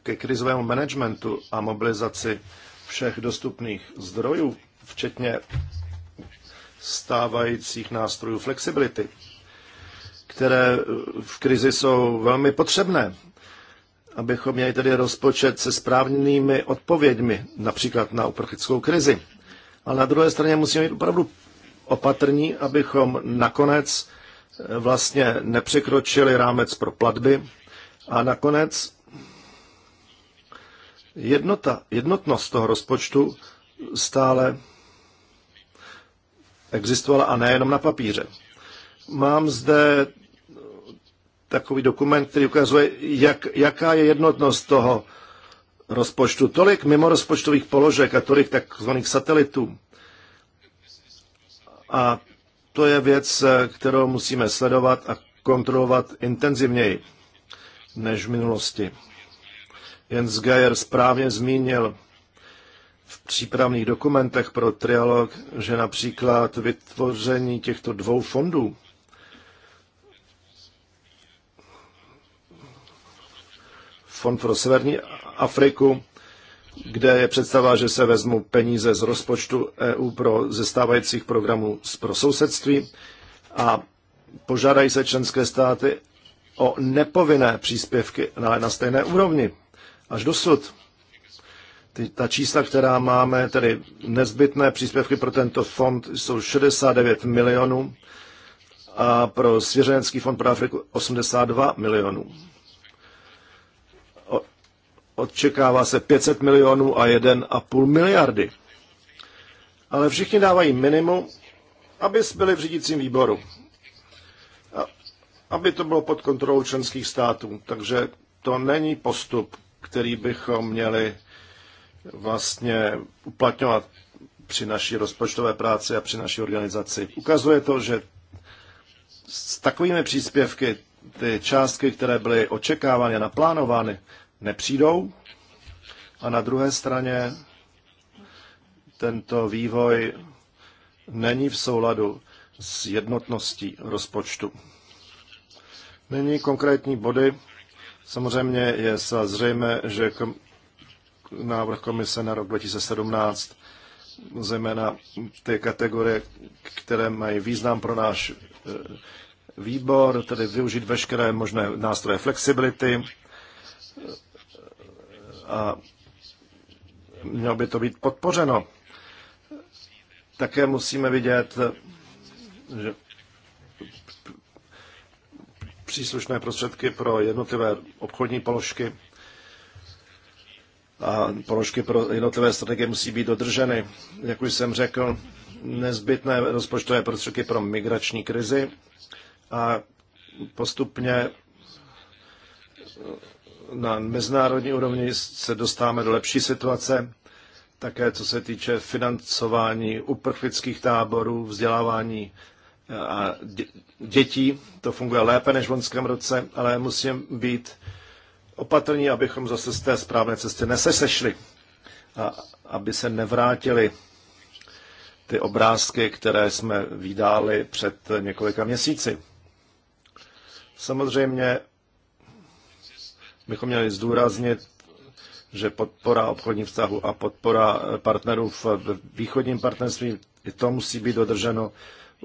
ke krizovému managementu a mobilizaci všech dostupných zdrojů, včetně stávajících nástrojů flexibility, které v krizi jsou velmi potřebné, abychom měli tedy rozpočet se správnými odpověďmi, například na uprchlickou krizi. Ale na druhé straně musíme být opravdu opatrní, abychom nakonec eh, vlastně nepřekročili rámec pro platby. A nakonec jednota, jednotnost toho rozpočtu stále existovala a nejenom na papíře. Mám zde takový dokument, který ukazuje, jak, jaká je jednotnost toho rozpočtu. Tolik mimo rozpočtových položek a tolik takzvaných satelitů. A to je věc, kterou musíme sledovat a kontrolovat intenzivněji než v minulosti. Jens Geier správně zmínil v přípravných dokumentech pro trialog, že například vytvoření těchto dvou fondů Fond pro severní Afriku, kde je představa, že se vezmu peníze z rozpočtu EU pro zestávajících programů pro sousedství a požádají se členské státy o nepovinné příspěvky na, na stejné úrovni. Až dosud ty, ta čísla, která máme, tedy nezbytné příspěvky pro tento fond jsou 69 milionů a pro Svěřenecký fond pro Afriku 82 milionů odčekává se 500 milionů a 1,5 miliardy. Ale všichni dávají minimum, aby byli v řídícím výboru. A aby to bylo pod kontrolou členských států. Takže to není postup, který bychom měli vlastně uplatňovat při naší rozpočtové práci a při naší organizaci. Ukazuje to, že s takovými příspěvky ty částky, které byly očekávány a naplánovány, nepřijdou. A na druhé straně tento vývoj není v souladu s jednotností rozpočtu. Není konkrétní body. Samozřejmě je zřejmé, že návrh komise na rok 2017, zejména ty kategorie, které mají význam pro náš e, výbor, tedy využít veškeré možné nástroje flexibility, a mělo by to být podpořeno. Také musíme vidět, že příslušné prostředky pro jednotlivé obchodní položky a položky pro jednotlivé strategie musí být dodrženy. Jak už jsem řekl, nezbytné rozpočtové prostředky pro migrační krizi a postupně na mezinárodní úrovni se dostáváme do lepší situace, také co se týče financování uprchlických táborů, vzdělávání eh, a dětí. To funguje lépe než v loňském roce, ale musím být opatrní, abychom zase z té správné cesty nesešli a aby se nevrátili ty obrázky, které jsme vydali před několika měsíci. Samozřejmě bychom měli zdůraznit, že podpora obchodních vztahů a podpora partnerů v východním partnerství, i to musí být dodrženo.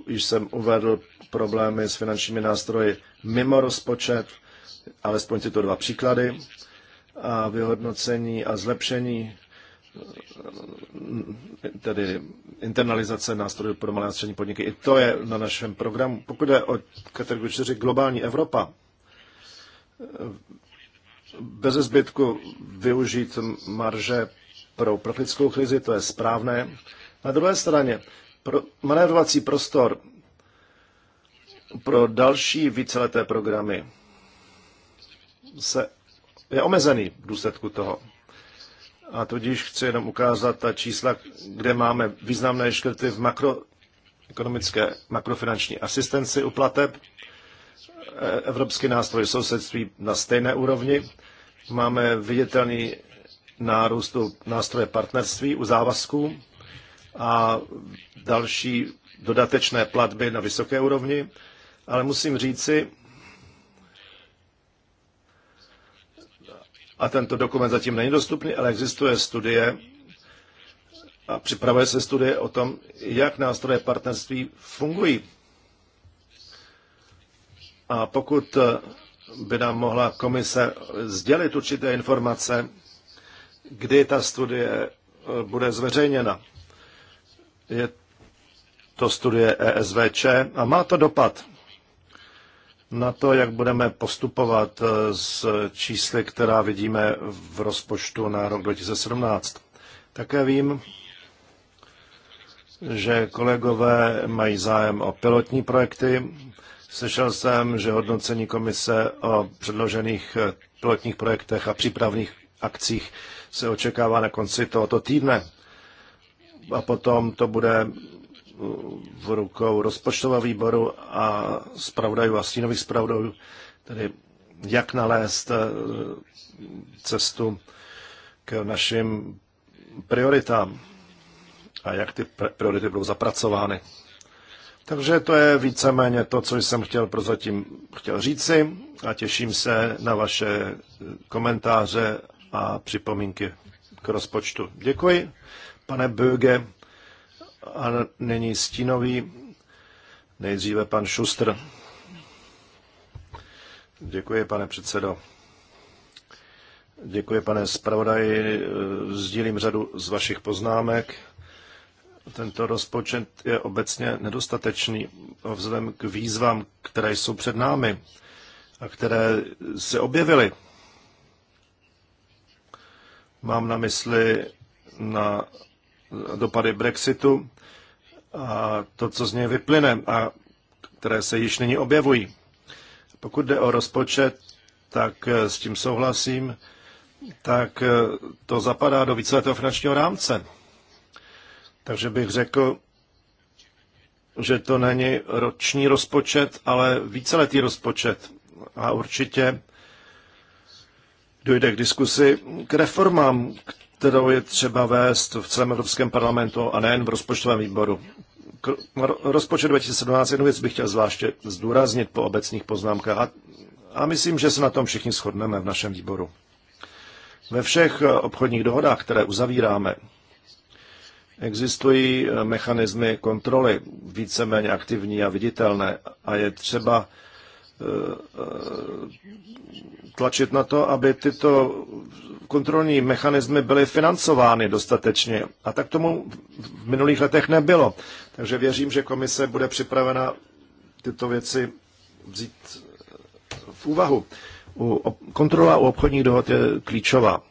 Již jsem uvedl problémy s finančními nástroji mimo rozpočet, alespoň tyto dva příklady, a vyhodnocení a zlepšení tedy internalizace nástrojů pro malé a střední podniky. I to je na našem programu. Pokud je o kategorii 4 globální Evropa, bez zbytku využít marže pro profitskou krizi, to je správné. Na druhé straně, pro, manévrovací prostor pro další víceleté programy se, je omezený v důsledku toho. A tudíž chci jenom ukázat ta čísla, kde máme významné škrty v makroekonomické makrofinanční asistenci u plateb, evropský nástroj sousedství na stejné úrovni. Máme viditelný nárůst nástroje partnerství, u závazků a další dodatečné platby na vysoké úrovni. Ale musím říci, a tento dokument zatím není dostupný, ale existuje studie a připravuje se studie o tom, jak nástroje partnerství fungují a pokud eh, by nám mohla komise sdělit určité informace, kdy ta studie eh, bude zveřejněna. Je to studie ESVČ a má to dopad na to, jak budeme postupovat eh, s čísly, která vidíme v rozpočtu na rok 2017. Také vím, že kolegové mají zájem o pilotní projekty, Slyšel jsem, že hodnocení komise o předložených eh, pilotních projektech a přípravných akcích se očekává na konci tohoto týdne. A potom to bude eh, v rukou rozpočtového výboru a zpravodajů a stínových zpravodajů, tedy jak nalézt eh, cestu k našim prioritám a jak ty priority budou zapracovány. Takže to je víceméně to, co jsem chtěl prozatím chtěl říci a těším se na vaše komentáře a připomínky k rozpočtu. Děkuji, pane Böge. A nyní stínový, nejdříve pan Šustr. Děkuji, pane předsedo. Děkuji, pane zpravodaji. Sdílím řadu z vašich poznámek tento rozpočet je obecně nedostatečný vzhledem k výzvám, které jsou před námi a které se objevily. Mám na mysli na dopady Brexitu a to, co z něj vyplyne a které se již nyní objevují. Pokud jde o rozpočet, tak s tím souhlasím, tak to zapadá do víceletého finančního rámce. Takže bych řekl, že to není roční rozpočet, ale víceletý rozpočet. A určitě dojde k diskusi k reformám, kterou je třeba vést v celém Evropském parlamentu a nejen v rozpočtovém výboru. K rozpočet 2017 jednu věc bych chtěl zvláště zdůraznit po obecných poznámkách a, a myslím, že se na tom všichni shodneme v našem výboru. Ve všech obchodních dohodách, které uzavíráme, Existují eh, mechanismy kontroly víceméně aktivní a viditelné a je třeba eh, eh, tlačit na to, aby tyto kontrolní mechanismy byly financovány dostatečně. A tak tomu v minulých letech nebylo. Takže věřím, že komise bude připravena tyto věci vzít v úvahu. Kontrola u obchodních dohod je klíčová.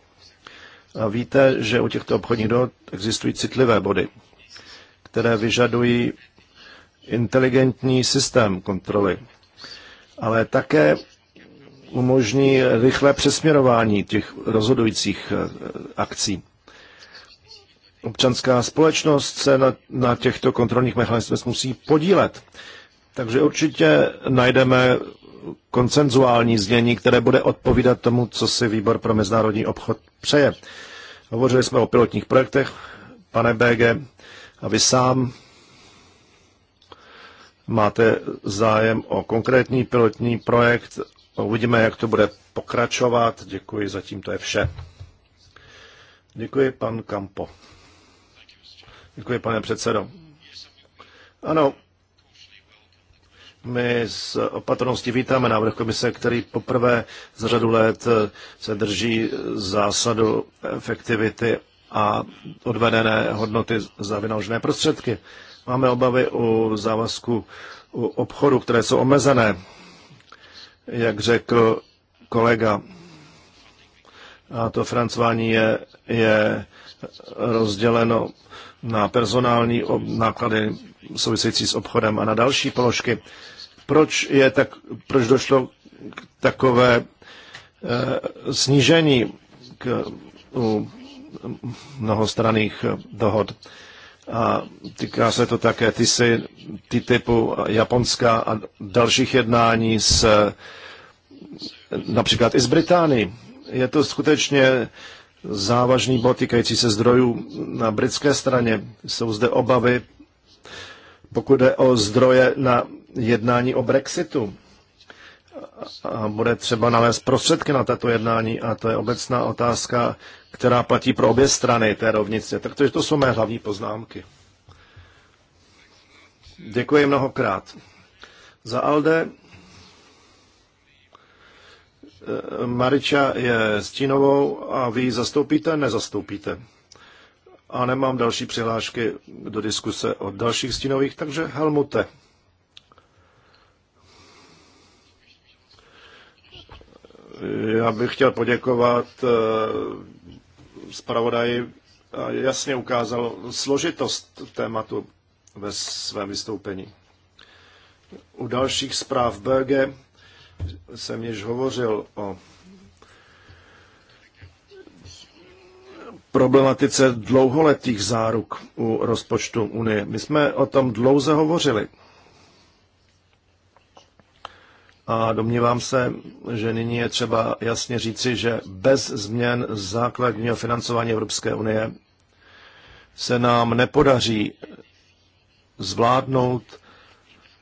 A víte, že u těchto obchodních dohod existují citlivé body, které vyžadují inteligentní systém kontroly, ale také umožní rychlé přesměrování těch rozhodujících eh, akcí. Občanská společnost se na, na těchto kontrolních mechanismech musí podílet. Takže určitě najdeme koncenzuální znění, které bude odpovídat tomu, co si výbor pro mezinárodní obchod přeje. Hovořili jsme o pilotních projektech, pane BG, a vy sám máte zájem o konkrétní pilotní projekt. Uvidíme, jak to bude pokračovat. Děkuji, zatím to je vše. Děkuji, pan Kampo. Děkuji, pane předsedo. Ano, my s opatrností vítáme návrh komise, který poprvé za řadu let eh, se drží zásadu efektivity a odvedené hodnoty za vynaložené prostředky. Máme obavy u závazku u obchodu, které jsou omezené, jak řekl kolega. A to francování je, je rozděleno na personální náklady související s obchodem a na další položky. Proč, je tak, proč došlo k takové e, snížení k, u mnohostraných eh, dohod? A týká se to také ty typu Japonska a dalších jednání s například i z Británii. Je to skutečně závažný bod týkající se zdrojů na britské straně. Jsou zde obavy, pokud jde o zdroje na jednání o Brexitu. A bude třeba nalézt prostředky na tato jednání a to je obecná otázka, která platí pro obě strany té rovnice. Takže to jsou mé hlavní poznámky. Děkuji mnohokrát. Za Alde Mariča je čínovou a vy ji zastoupíte, nezastoupíte. A nemám další přihlášky do diskuse od dalších stínových, takže Helmute. Já bych chtěl poděkovat eh, zpravodaji. Jasně ukázal složitost tématu ve svém vystoupení. U dalších zpráv BG jsem již hovořil o problematice dlouholetých záruk u rozpočtu Unie. My jsme o tom dlouze hovořili. A domnívám se, že nyní je třeba jasně říci, že bez změn základního financování Evropské unie se nám nepodaří zvládnout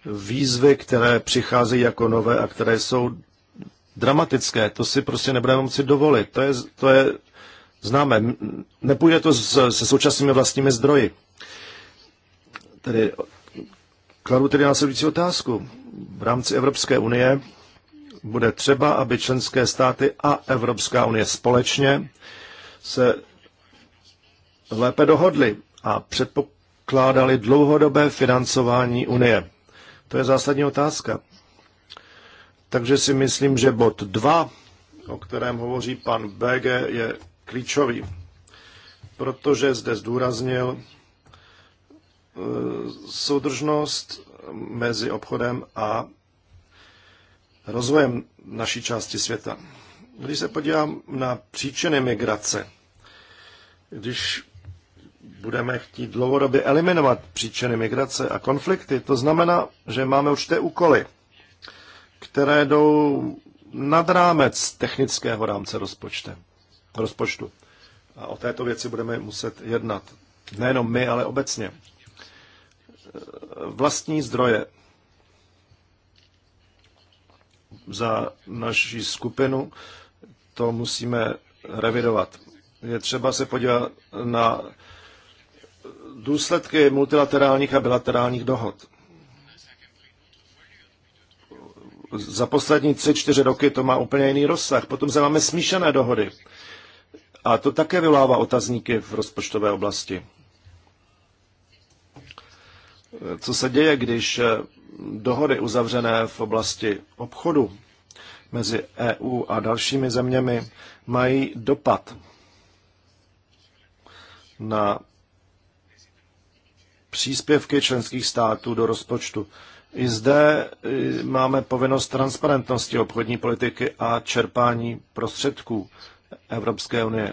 výzvy, které přicházejí jako nové a které jsou dramatické. To si prostě nebudeme moci dovolit. To je, to je známe. Nepůjde to se současnými vlastními zdroji. Tedy kladu tedy následující otázku v rámci Evropské unie bude třeba, aby členské státy a Evropská unie společně se lépe dohodly a předpokládali dlouhodobé financování Unie. To je zásadní otázka. Takže si myslím, že bod 2, o kterém hovoří pan BG, je klíčový, protože zde zdůraznil e, soudržnost mezi obchodem a rozvojem naší části světa. Když se podívám na příčiny migrace, když budeme chtít dlouhodobě eliminovat příčiny migrace a konflikty, to znamená, že máme určité úkoly, které jdou nad rámec technického rámce rozpočte, rozpočtu. A o této věci budeme muset jednat. Nejenom my, ale obecně vlastní zdroje. Za naši skupinu to musíme revidovat. Je třeba se podívat na důsledky multilaterálních a bilaterálních dohod. Za poslední tři, čtyři roky to má úplně jiný rozsah. Potom se máme smíšené dohody. A to také vyvolává otazníky v rozpočtové oblasti co se děje, když eh, dohody uzavřené v oblasti obchodu mezi EU a dalšími zeměmi mají dopad na příspěvky členských států do rozpočtu. I zde eh, máme povinnost transparentnosti obchodní politiky a čerpání prostředků Evropské unie.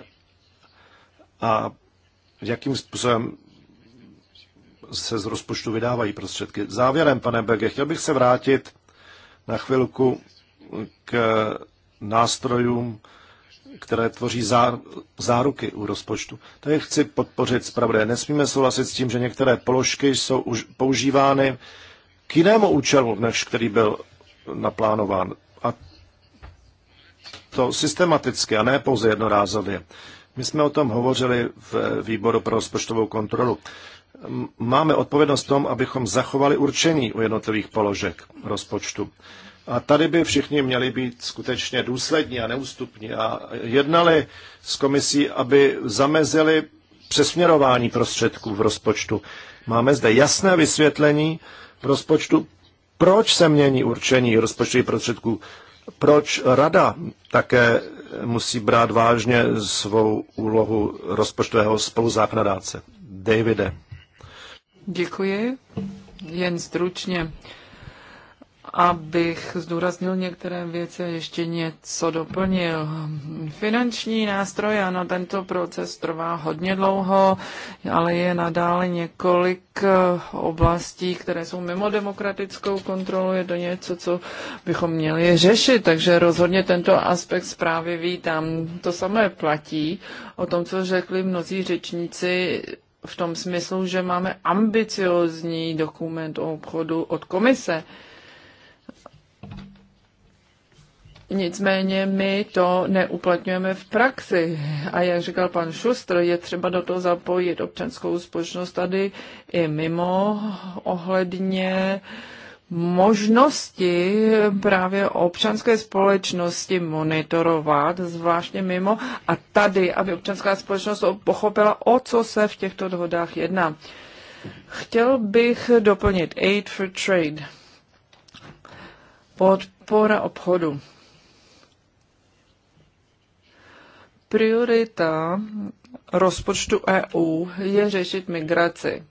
A jakým způsobem se z rozpočtu vydávají prostředky. Závěrem, pane Bege, chtěl bych se vrátit na chvilku k nástrojům, které tvoří zá, záruky u rozpočtu. Tady chci podpořit zpravodaje. Nesmíme souhlasit s tím, že některé položky jsou už používány k jinému účelu, než který byl naplánován. A to systematicky a ne pouze jednorázově. My jsme o tom hovořili v výboru pro rozpočtovou kontrolu máme odpovědnost v tom, abychom zachovali určení u jednotlivých položek rozpočtu. A tady by všichni měli být skutečně důslední a neústupní a jednali s komisí, aby zamezili přesměrování prostředků v rozpočtu. Máme zde jasné vysvětlení v rozpočtu, proč se mění určení rozpočtových prostředků, proč rada také musí brát vážně svou úlohu rozpočtového spoluzákonodáce. Davide. Děkuji. Jen stručně, abych zdůraznil některé věci a ještě něco doplnil. Finanční nástroj, ano, tento proces trvá hodně dlouho, ale je nadále několik eh, oblastí, které jsou mimo demokratickou kontrolu, je to něco, co bychom měli řešit, takže rozhodně tento aspekt zprávy vítám. To samé platí o tom, co řekli mnozí řečníci, v tom smyslu, že máme ambiciozní dokument o obchodu od komise. Nicméně my to neuplatňujeme v praxi. A jak říkal pan Šustr, je třeba do toho zapojit občanskou společnost tady i mimo ohledně uh, možnosti právě občanské společnosti monitorovat, zvláště mimo, a tady, aby občanská společnost pochopila, o co se v těchto dohodách jedná. Chtěl bych doplnit Aid for Trade. Podpora obchodu. Priorita rozpočtu EU je řešit migraci.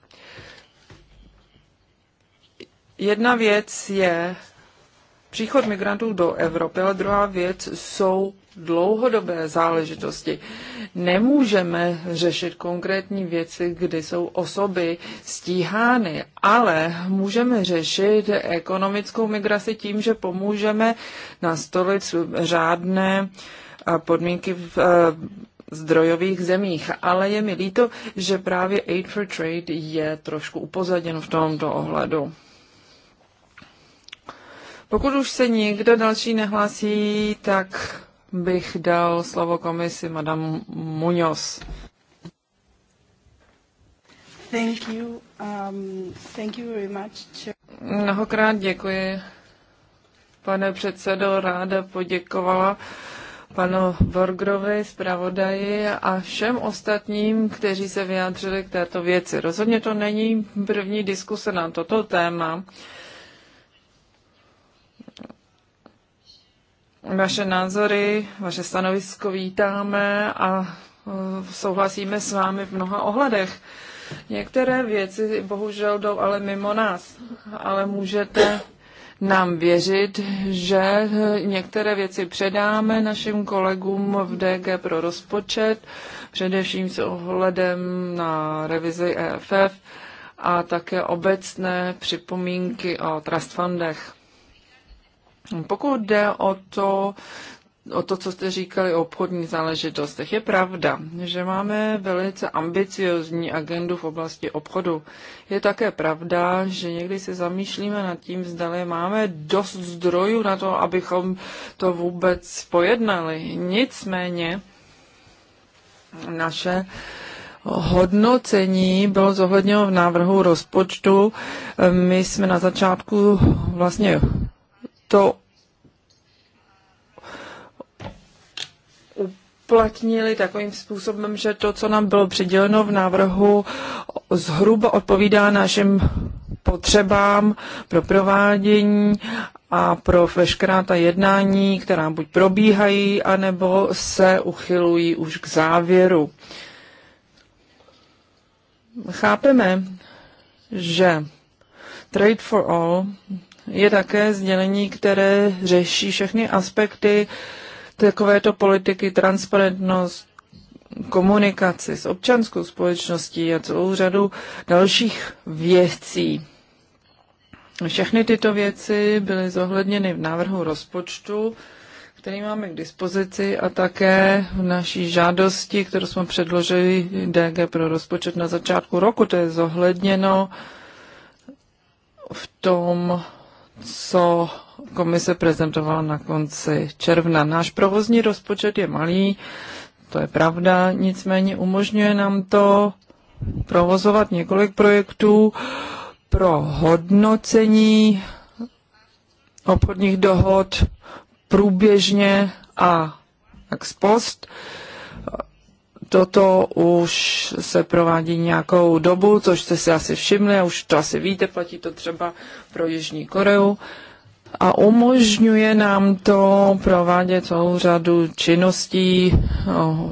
Jedna věc je příchod migrantů do Evropy, ale druhá věc jsou dlouhodobé záležitosti. Nemůžeme řešit konkrétní věci, kdy jsou osoby stíhány, ale můžeme řešit ekonomickou migraci tím, že pomůžeme nastolit řádné podmínky v zdrojových zemích. Ale je mi líto, že právě Aid for Trade je trošku upozaděn v tomto ohledu. Pokud už se nikdo další nehlásí, tak bych dal slovo komisi Madame Muñoz. Thank you. Um, thank you very much. Mnohokrát děkuji, pane předsedo. Ráda poděkovala panu Borgrovi, zpravodaji a všem ostatním, kteří se vyjádřili k této věci. Rozhodně to není první diskuse na toto téma. Vaše názory, vaše stanovisko vítáme a e, souhlasíme s vámi v mnoha ohledech. Některé věci bohužel jdou ale mimo nás, ale můžete nám věřit, že e, některé věci předáme našim kolegům v DG pro rozpočet, především s ohledem na revizi EFF a také obecné připomínky o trust fundech. Pokud jde o to, o to, co jste říkali o obchodních záležitostech. Je pravda, že máme velice ambiciozní agendu v oblasti obchodu. Je také pravda, že někdy se zamýšlíme nad tím, zdali máme dost zdrojů na to, abychom to vůbec pojednali. Nicméně naše hodnocení bylo zohledněno v návrhu rozpočtu. My jsme na začátku vlastně to uplatnili takovým způsobem, že to, co nám bylo přiděleno v návrhu, zhruba odpovídá našim potřebám pro provádění a pro veškerá ta jednání, která buď probíhají, anebo se uchylují už k závěru. Chápeme, že Trade for All je také sdělení, které řeší všechny aspekty takovéto politiky, transparentnost, komunikaci s občanskou společností a celou řadu dalších věcí. Všechny tyto věci byly zohledněny v návrhu rozpočtu, který máme k dispozici a také v naší žádosti, kterou jsme předložili DG pro rozpočet na začátku roku. To je zohledněno v tom co komise prezentovala na konci června. Náš provozní rozpočet je malý, to je pravda, nicméně umožňuje nám to provozovat několik projektů pro hodnocení obchodních dohod průběžně a ex post. Uh, Toto už se provádí nějakou dobu, což jste si asi všimli, a už to asi víte, platí to třeba pro Jižní Koreu. A umožňuje nám to provádět celou řadu činností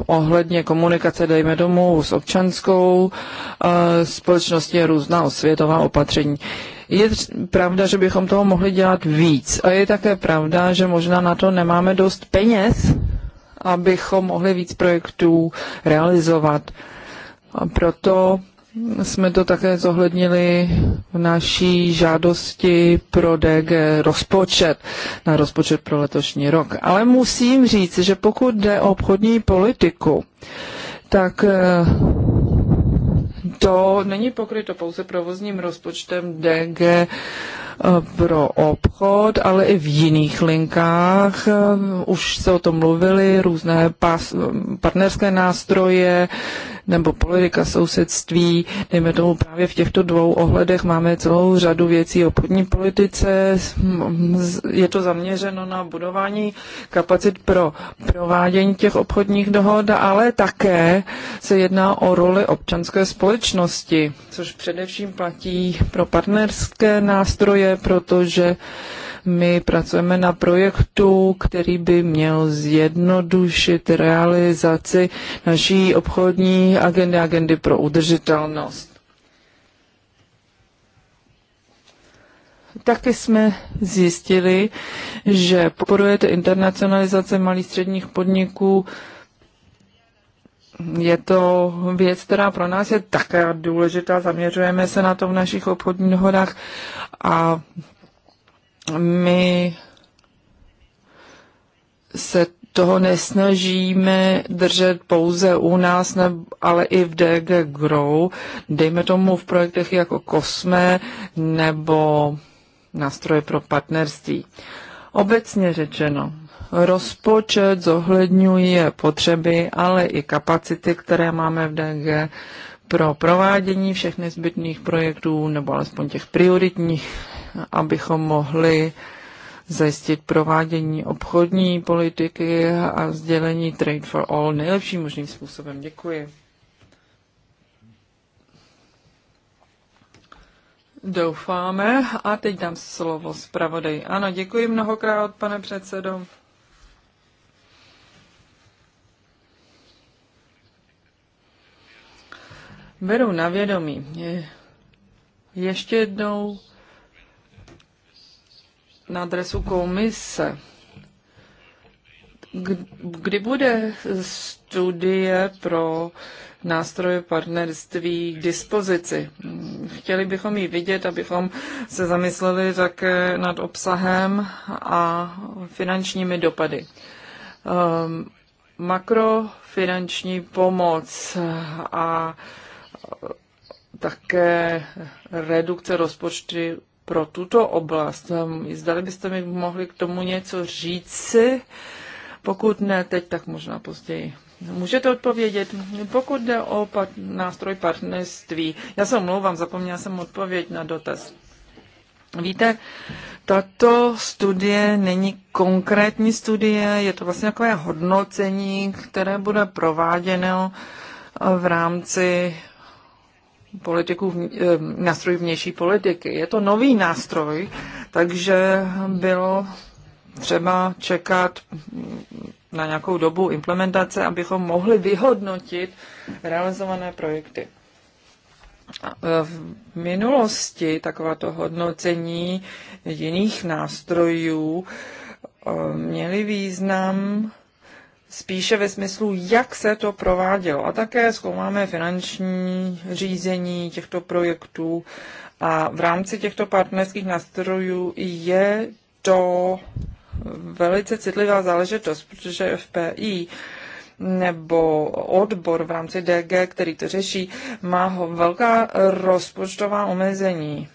ohledně komunikace, dejme domů, s občanskou e, společností různá osvětová opatření. Je pravda, že bychom toho mohli dělat víc. A je také pravda, že možná na to nemáme dost peněz, abychom mohli víc projektů realizovat. A proto jsme to také zohlednili v naší žádosti pro DG rozpočet na rozpočet pro letošní rok. Ale musím říct, že pokud jde o obchodní politiku, tak eh, to není pokryto pouze provozním rozpočtem DG Eh, pro obchod, ale i v jiných linkách. Eh, už se o tom mluvili, různé pas, partnerské nástroje, nebo politika sousedství. Dejme tomu právě v těchto dvou ohledech máme celou řadu věcí o podní politice. Je to zaměřeno na budování kapacit pro provádění těch obchodních dohod, ale také se jedná o roli občanské společnosti, což především platí pro partnerské nástroje, protože my pracujeme na projektu, který by měl zjednodušit realizaci naší obchodní agendy, agendy pro udržitelnost. Taky jsme zjistili, že podporujete internacionalizace malých středních podniků. Je to věc, která pro nás je také důležitá. Zaměřujeme se na to v našich obchodních dohodách a my se toho nesnažíme držet pouze u nás, ne, ale i v DG Grow, dejme tomu v projektech jako Kosme nebo nástroje pro partnerství. Obecně řečeno, rozpočet zohledňuje potřeby, ale i kapacity, které máme v DG pro provádění všech nezbytných projektů nebo alespoň těch prioritních abychom mohli zajistit provádění obchodní politiky a sdělení Trade for All nejlepším možným způsobem. Děkuji. Doufáme. A teď dám slovo zpravodaj. Ano, děkuji mnohokrát, pane předsedo. Beru na vědomí. Ještě jednou na adresu komise. Kdy bude studie pro nástroje partnerství k dispozici? Chtěli bychom ji vidět, abychom se zamysleli také nad obsahem a finančními dopady. Ehm, makrofinanční pomoc a také redukce rozpočtu pro tuto oblast. Ehm, zdali byste mi mohli k tomu něco říci? Pokud ne teď, tak možná později. Můžete odpovědět, pokud jde o pat- nástroj partnerství. Já se omlouvám, zapomněla jsem odpověď na dotaz. Víte, tato studie není konkrétní studie, je to vlastně takové hodnocení, které bude prováděno v rámci politiku, eh, nástroj vnější politiky. Je to nový nástroj, takže bylo třeba čekat na nějakou dobu implementace, abychom mohli vyhodnotit realizované projekty. Eh, v minulosti takováto hodnocení jiných nástrojů eh, měly význam spíše ve smyslu, jak se to provádělo. A také zkoumáme finanční řízení těchto projektů a v rámci těchto partnerských nástrojů je to velice citlivá záležitost, protože FPI nebo odbor v rámci DG, který to řeší, má velká rozpočtová omezení.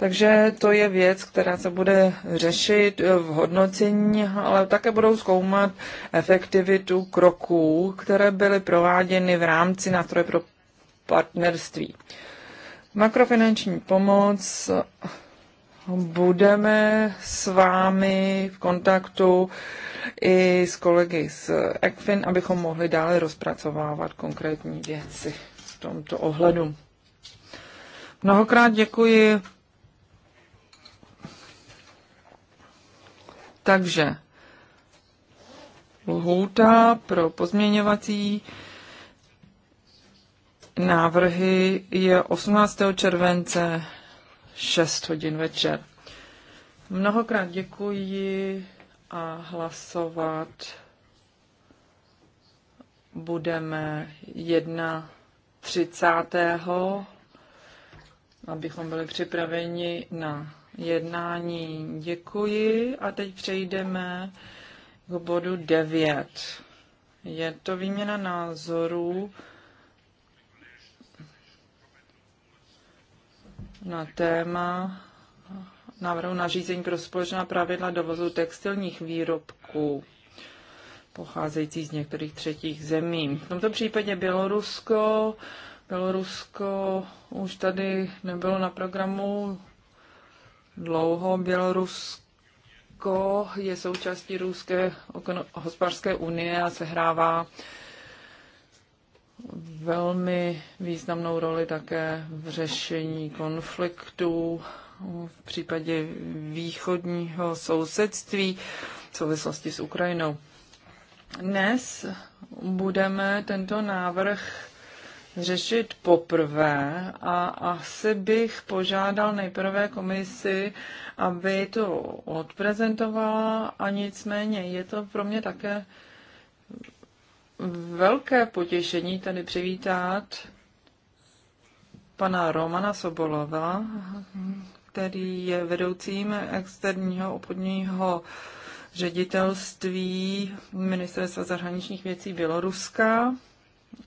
Takže to je věc, která se bude řešit eh, v hodnocení, ale také budou zkoumat efektivitu kroků, které byly prováděny v rámci nástroje pro partnerství. Makrofinanční pomoc budeme s vámi v kontaktu i s kolegy z ECFIN, abychom mohli dále rozpracovávat konkrétní věci v tomto ohledu. Mnohokrát děkuji Takže lhůta pro pozměňovací návrhy je 18. července 6 hodin večer. Mnohokrát děkuji a hlasovat budeme 1.30. abychom byli připraveni na jednání. Děkuji a teď přejdeme k bodu 9. Je to výměna názorů na téma návrhu nařízení pro společná pravidla dovozu textilních výrobků pocházející z některých třetích zemí. V tomto případě Bělorusko. Bělorusko už tady nebylo na programu dlouho. Bělorusko je součástí Ruské hospodářské unie a sehrává velmi významnou roli také v řešení konfliktů v případě východního sousedství v souvislosti s Ukrajinou. Dnes budeme tento návrh řešit poprvé a asi bych požádal nejprve komisi, aby to odprezentovala a nicméně je to pro mě také velké potěšení tady přivítat pana Romana Sobolova, který je vedoucím externího obchodního ředitelství Ministerstva zahraničních věcí Běloruska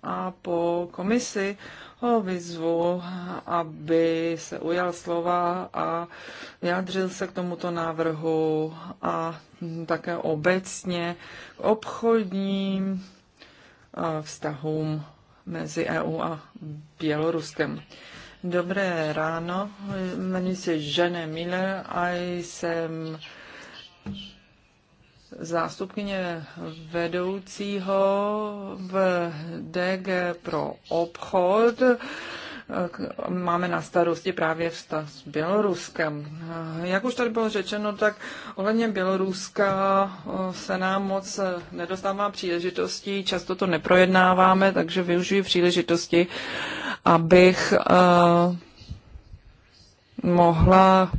a po komisi ho vyzvu, aby se ujal slova a vyjádřil se k tomuto návrhu a také obecně k obchodním vztahům mezi EU a Běloruskem. Dobré ráno, jmenuji se Žene Miller a jsem zástupkyně vedoucího v DG pro obchod. Máme na starosti právě vztah s Běloruskem. Jak už tady bylo řečeno, tak ohledně Běloruska se nám moc nedostává příležitostí, často to neprojednáváme, takže využiju příležitosti, abych eh, mohla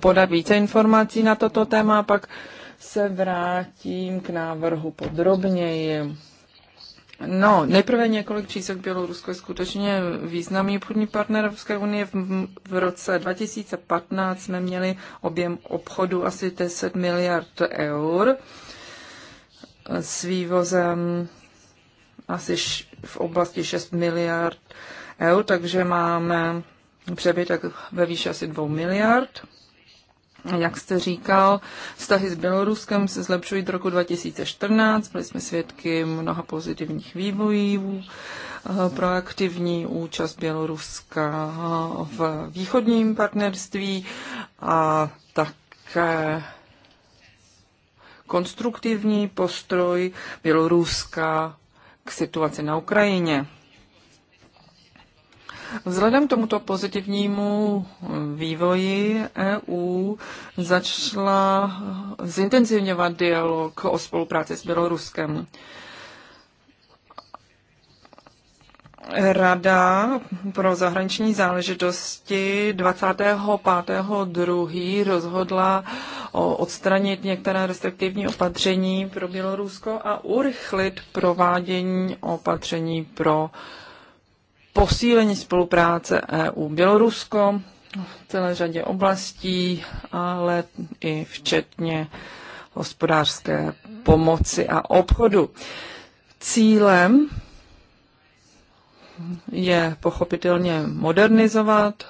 podat více informací na toto téma pak se vrátím k návrhu podrobněji. No, nejprve několik čísel. Bělorusko je skutečně významný obchodní partner Evropské unie. V, v roce 2015 jsme měli objem obchodu asi 10 miliard eur s vývozem asi v oblasti 6 miliard eur, takže máme přebytek ve výši asi 2 miliard. Jak jste říkal, vztahy s Běloruskem se zlepšují od roku 2014, byli jsme svědky mnoha pozitivních vývojů, eh, proaktivní účast Běloruska v východním partnerství a také konstruktivní postroj Běloruska k situaci na Ukrajině. Vzhledem k tomuto pozitivnímu vývoji EU začala zintenzivňovat dialog o spolupráci s Běloruskem. Rada pro zahraniční záležitosti 25.2. rozhodla odstranit některé restriktivní opatření pro Bělorusko a urychlit provádění opatření pro posílení spolupráce EU-Bělorusko v celé řadě oblastí, ale i včetně hospodářské pomoci a obchodu. Cílem je pochopitelně modernizovat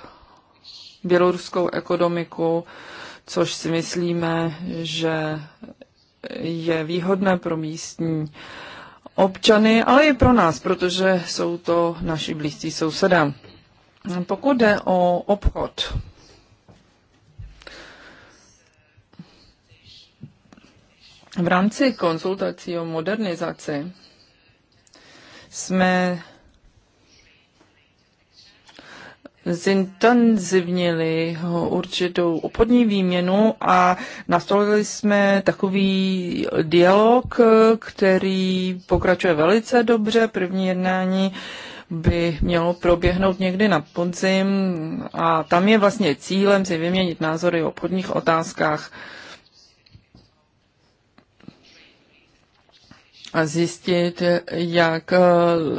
běloruskou ekonomiku, což si myslíme, že je výhodné pro místní občany, ale i pro nás, protože jsou to naši blízcí sousedé. Pokud jde o obchod, v rámci konzultací o modernizaci jsme zintenzivnili určitou obchodní výměnu a nastolili jsme takový dialog, který pokračuje velice dobře. První jednání by mělo proběhnout někdy na podzim a tam je vlastně cílem si vyměnit názory o obchodních otázkách a zjistit, jak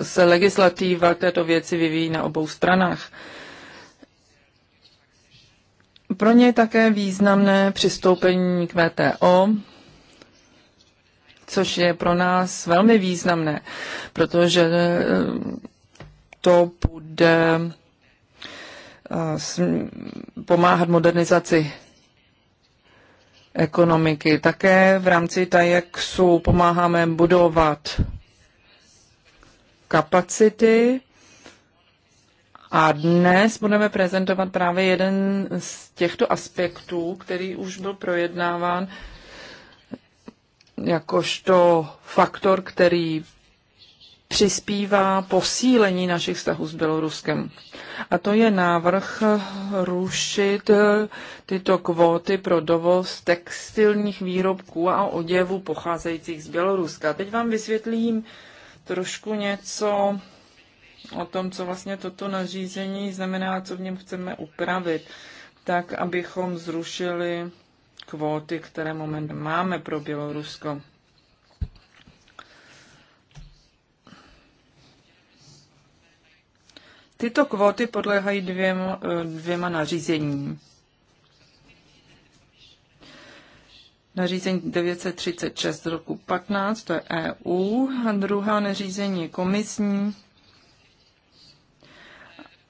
se legislativa této věci vyvíjí na obou stranách. Pro ně je také významné přistoupení k VTO, což je pro nás velmi významné, protože eh, to bude eh, pomáhat modernizaci ekonomiky. Také v rámci TAJEXu pomáháme budovat kapacity a dnes budeme prezentovat právě jeden z těchto aspektů, který už byl projednáván jakožto faktor, který přispívá posílení našich vztahů s Běloruskem. A to je návrh rušit tyto kvóty pro dovoz textilních výrobků a oděvů pocházejících z Běloruska. Teď vám vysvětlím trošku něco o tom, co vlastně toto nařízení znamená, co v něm chceme upravit, tak abychom zrušili kvóty, které moment máme pro Bělorusko. Tyto kvóty podléhají dvěma, dvěma nařízením. Nařízení 936 roku 15, to je EU, a druhá nařízení komisní,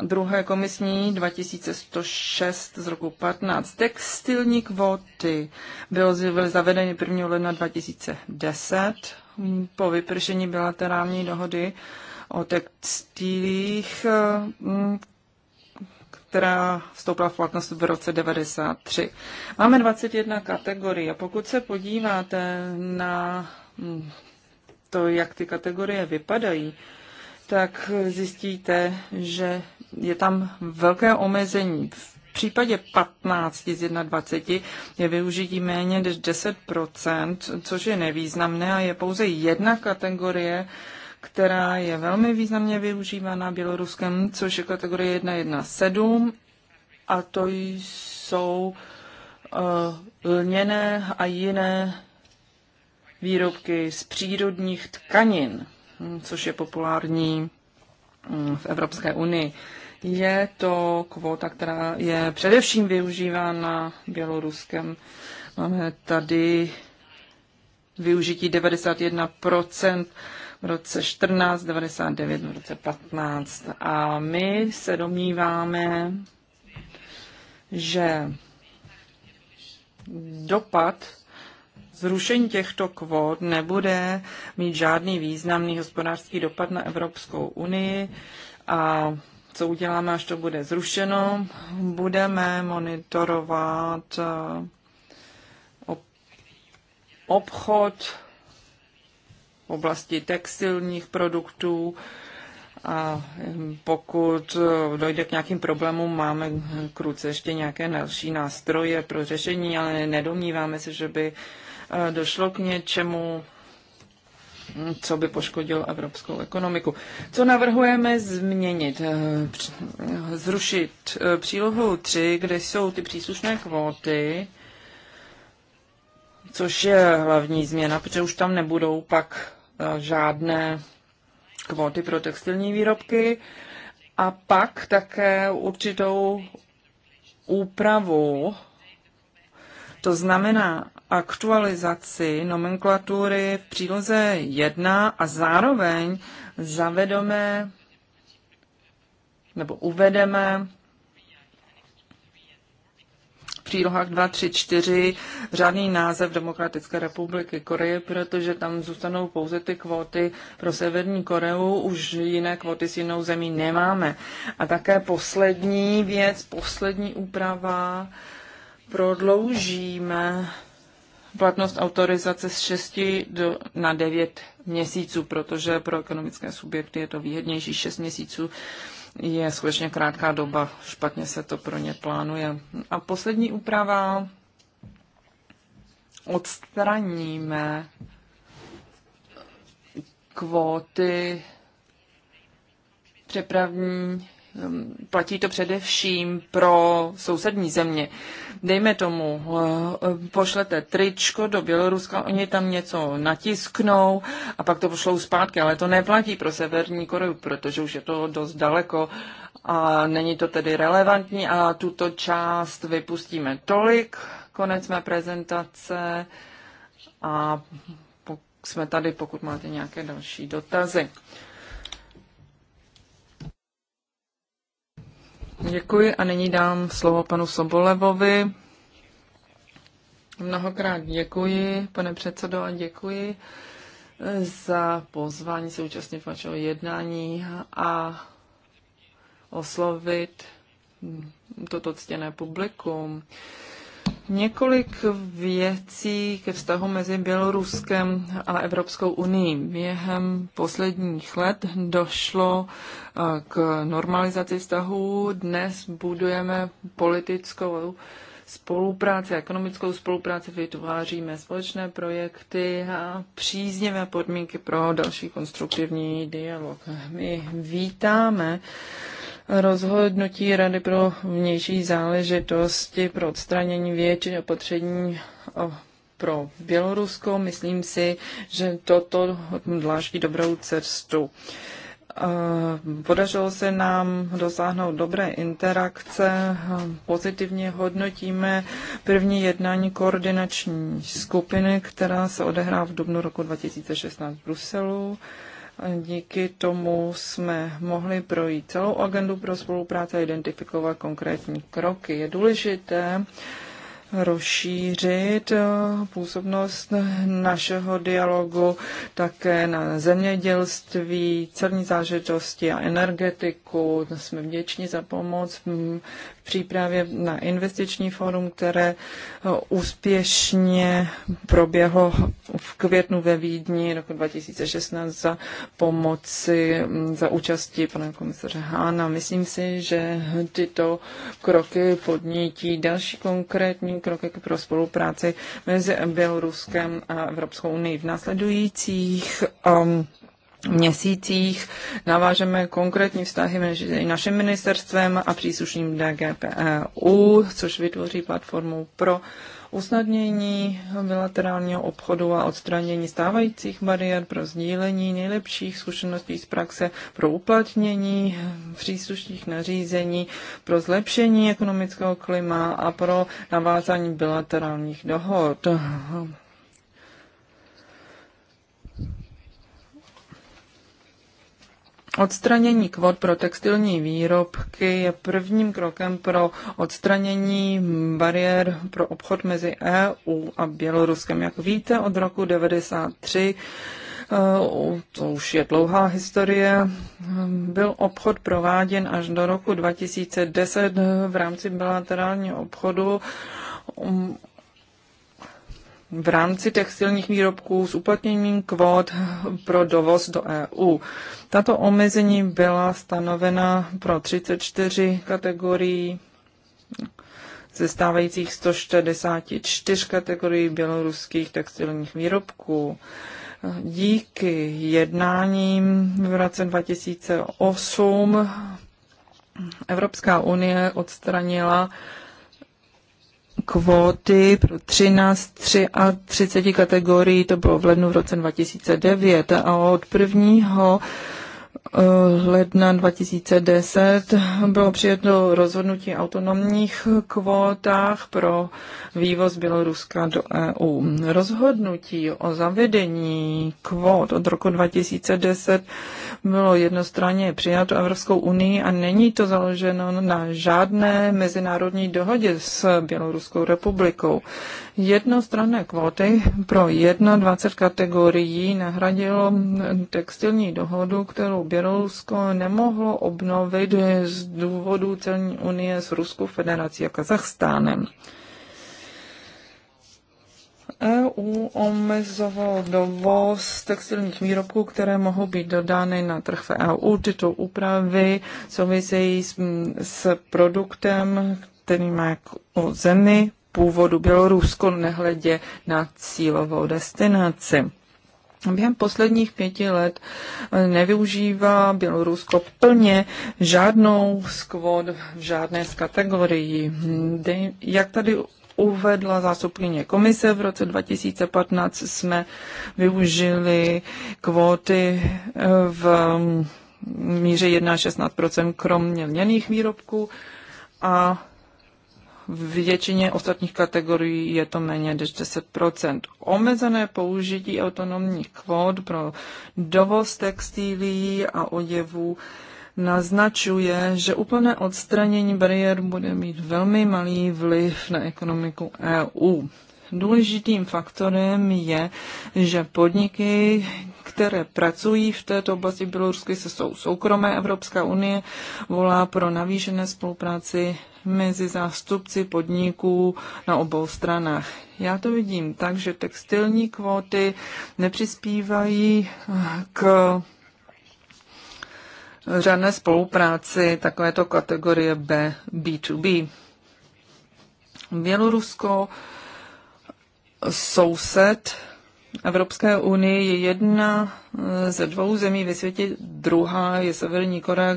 druhé komisní 2106 z roku 15. Textilní kvóty byly zavedeny 1. ledna 2010 po vypršení bilaterální dohody o textilích, mm, která vstoupila v platnost v roce 93. Máme 21 kategorií a pokud se podíváte na mm, to, jak ty kategorie vypadají, tak zjistíte, že je tam velké omezení. V případě 15 z 21 je využití méně než 10 což je nevýznamné a je pouze jedna kategorie, která je velmi významně využívaná Běloruskem, což je kategorie 1.1.7 a to jsou uh, lněné a jiné výrobky z přírodních tkanin, což je populární hm, v Evropské unii. Uh, je to kvota, která je především využívána Běloruskem. Máme tady využití 91% v roce 14, 99 v roce 15. A my se domníváme, že dopad zrušení těchto kvót nebude mít žádný významný hospodářský dopad na Evropskou unii a co uděláme, až to bude zrušeno. Budeme monitorovat eh, obchod v oblasti textilních produktů a hm, pokud eh, dojde k nějakým problémům, máme k ruce ještě nějaké další nástroje pro řešení, ale nedomníváme se, že by eh, došlo k něčemu co by poškodilo evropskou ekonomiku. Co navrhujeme změnit? Eh, eh, zrušit eh, přílohu 3, kde jsou ty příslušné kvóty, což je hlavní změna, protože už tam nebudou pak žádné kvóty pro textilní výrobky a pak také určitou úpravu to znamená aktualizaci nomenklatury v příloze 1 a zároveň zavedeme nebo uvedeme v přílohách 2, 3, 4 řádný název Demokratické republiky Koreje, protože tam zůstanou pouze ty kvóty pro Severní Koreu, už jiné kvóty s jinou zemí nemáme. A také poslední věc, poslední úprava, prodloužíme platnost autorizace z 6 do, na 9 měsíců, protože pro ekonomické subjekty je to výhodnější. 6 měsíců je skutečně krátká doba, špatně se to pro ně plánuje. A poslední úprava odstraníme kvóty přepravní Ehm, platí to především pro sousední země. Dejme tomu, eh, pošlete tričko do Běloruska, oni tam něco natisknou a pak to pošlou zpátky, ale to neplatí pro Severní Koreu, protože už je to dost daleko a není to tedy relevantní a tuto část vypustíme tolik, konec mé prezentace a jsme tady, pokud máte nějaké další dotazy. Děkuji a nyní dám slovo panu Sobolevovi. Mnohokrát děkuji, pane předsedo, a děkuji eh, za pozvání se účastnit vašeho jednání a oslovit toto ctěné publikum. Několik věcí ke vztahu mezi Běloruskem a Evropskou unii. Během posledních let došlo eh, k normalizaci vztahů. Dnes budujeme politickou spolupráci, ekonomickou spolupráci, vytváříme společné projekty a příznivé podmínky pro další konstruktivní dialog. My vítáme uh, rozhodnutí Rady pro vnější záležitosti pro odstranění většiny opatření pro Bělorusko. Myslím si, že toto dláždí dobrou cestu. Podařilo se nám dosáhnout dobré interakce, pozitivně hodnotíme první jednání koordinační skupiny, která se odehrá v dubnu roku 2016 v Bruselu. Díky tomu jsme mohli projít celou agendu pro spolupráci a identifikovat konkrétní kroky. Je důležité rozšířit eh, působnost našeho dialogu také na zemědělství, celní zážitosti a energetiku. Jsme vděční za pomoc přípravě na investiční fórum, které eh, úspěšně proběhlo v květnu ve Vídni roku 2016 za pomoci, mm, za účasti pana komisaře Hána. Myslím si, že tyto kroky podnítí další konkrétní kroky pro spolupráci mezi Běloruskem a Evropskou unii v následujících um, měsících navážeme konkrétní vztahy mezi naším ministerstvem a příslušným DGPU, e což vytvoří platformu pro usnadnění bilaterálního obchodu a odstranění stávajících bariér pro sdílení nejlepších zkušeností z praxe pro uplatnění příslušných nařízení, pro zlepšení ekonomického klima a pro navázání bilaterálních dohod. Odstranění kvot pro textilní výrobky je prvním krokem pro odstranění bariér pro obchod mezi EU a Běloruskem. Jak víte, od roku 1993 eh, to už je dlouhá historie, byl obchod prováděn až do roku 2010 v rámci bilaterálního obchodu um, v rámci textilních výrobků s uplatněním kvót pro dovoz do EU. Tato omezení byla stanovena pro 34 kategorií ze stávajících 164 kategorií běloruských textilních výrobků. Díky jednáním v roce 2008 Evropská unie odstranila kvóty pro 13 33 kategorií, to bylo v lednu v roce 2009 a od prvního ledna 2010 bylo přijeto rozhodnutí autonomních kvótách pro vývoz Běloruska do EU. Rozhodnutí o zavedení kvót od roku 2010 bylo jednostranně přijato Evropskou unii a není to založeno na žádné mezinárodní dohodě s Běloruskou republikou. Jednostranné kvóty pro 21 kategorií nahradilo textilní dohodu, kterou Bělorusko nemohlo obnovit z důvodu celní unie s Ruskou federací a Kazachstánem. EU omezovalo dovoz textilních výrobků, které mohou být dodány na trh v EU. Tyto úpravy souvisejí s, s produktem, který má jako zemi původu Bělorusko, nehledě na cílovou destinaci. Během posledních pěti let eh, nevyužívá Bělorusko plně žádnou skvod v žádné z kategorií. De, jak tady uvedla zástupkyně komise, v roce 2015 jsme využili kvóty eh, v mm, míře 1,16 kromě měných výrobků a v většině ostatních kategorií je to méně než 10 Omezené použití autonomních kvót pro dovoz textilií a oděvů naznačuje, že úplné odstranění bariér bude mít velmi malý vliv na ekonomiku EU. Důležitým faktorem je, že podniky, které pracují v této oblasti Bělorusky, se jsou soukromé. Evropská unie volá pro navýšené spolupráci mezi zástupci podniků na obou stranách. Já to vidím tak, že textilní kvóty nepřispívají k řádné spolupráci takovéto kategorie B, B2B. Bělorusko soused Evropské unie je jedna eh, ze dvou zemí ve světě, druhá je Severní Korea,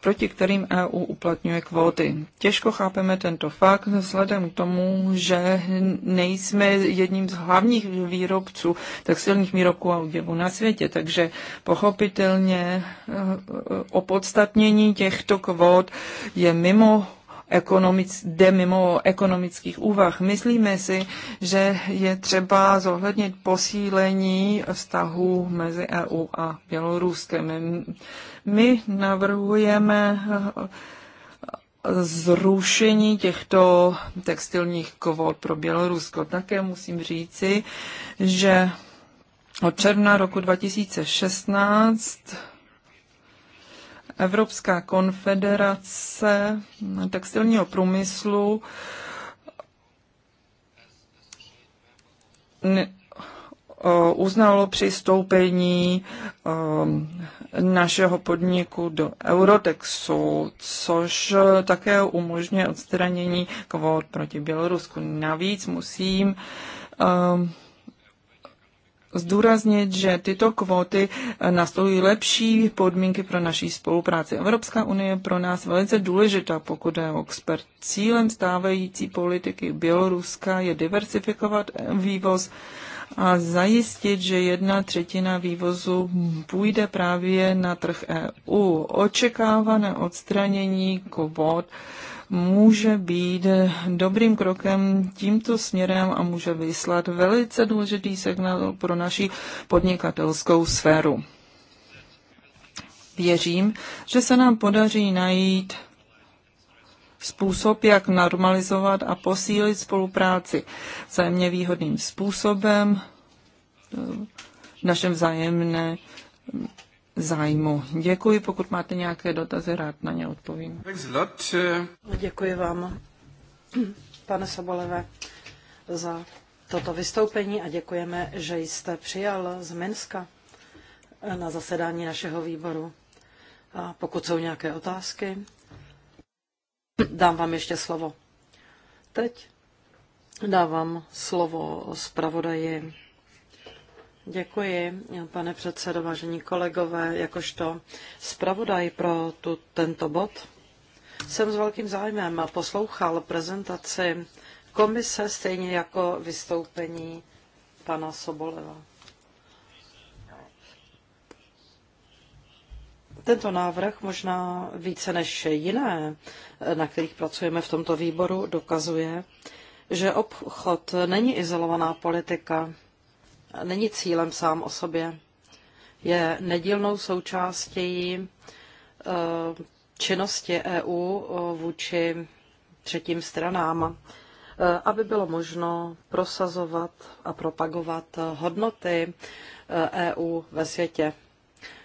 proti kterým EU uplatňuje kvóty. Těžko chápeme tento fakt vzhledem k tomu, že nejsme jedním z hlavních výrobců textilních výrobků a oděvů na světě, takže pochopitelně eh, eh, opodstatnění těchto kvót je mimo ekonomic, jde mimo ekonomických úvah. Myslíme si, že je třeba zohlednit posílení vztahů mezi EU a Běloruskem. My navrhujeme zrušení těchto textilních kvót pro Bělorusko. Také musím říci, že od června roku 2016 Evropská konfederace textilního průmyslu uznalo přistoupení našeho podniku do Eurotexu, což také umožňuje odstranění kvót proti Bělorusku. Navíc musím zdůraznit, že tyto kvóty eh, nastolují lepší podmínky pro naší spolupráci. Evropská unie je pro nás velice důležitá, pokud je o expert. Cílem stávající politiky Běloruska je diversifikovat eh, vývoz a zajistit, že jedna třetina vývozu půjde právě na trh EU. Očekávané odstranění kvót může být dobrým krokem tímto směrem a může vyslat velice důležitý signál pro naši podnikatelskou sféru. Věřím, že se nám podaří najít způsob, jak normalizovat a posílit spolupráci vzájemně výhodným způsobem v našem vzájemné zájmu. Děkuji, pokud máte nějaké dotazy, rád na ně odpovím. Eh. Děkuji vám, pane Sobolevé, za toto vystoupení a děkujeme, že jste přijal z Minska na zasedání našeho výboru. A pokud jsou nějaké otázky, dám vám ještě slovo. Teď dávám slovo zpravodaji Děkuji, pane předsedo, vážení kolegové, jakožto zpravodaj pro tu, tento bod. Jsem s velkým zájmem poslouchal prezentaci komise, stejně jako vystoupení pana Soboleva. Tento návrh možná více než jiné, na kterých pracujeme v tomto výboru, dokazuje, že obchod není izolovaná politika, není cílem sám o sobě. Je nedílnou součástí eh, činnosti EU eh, vůči třetím stranám, eh, aby bylo možno prosazovat a propagovat hodnoty EU e ve světě.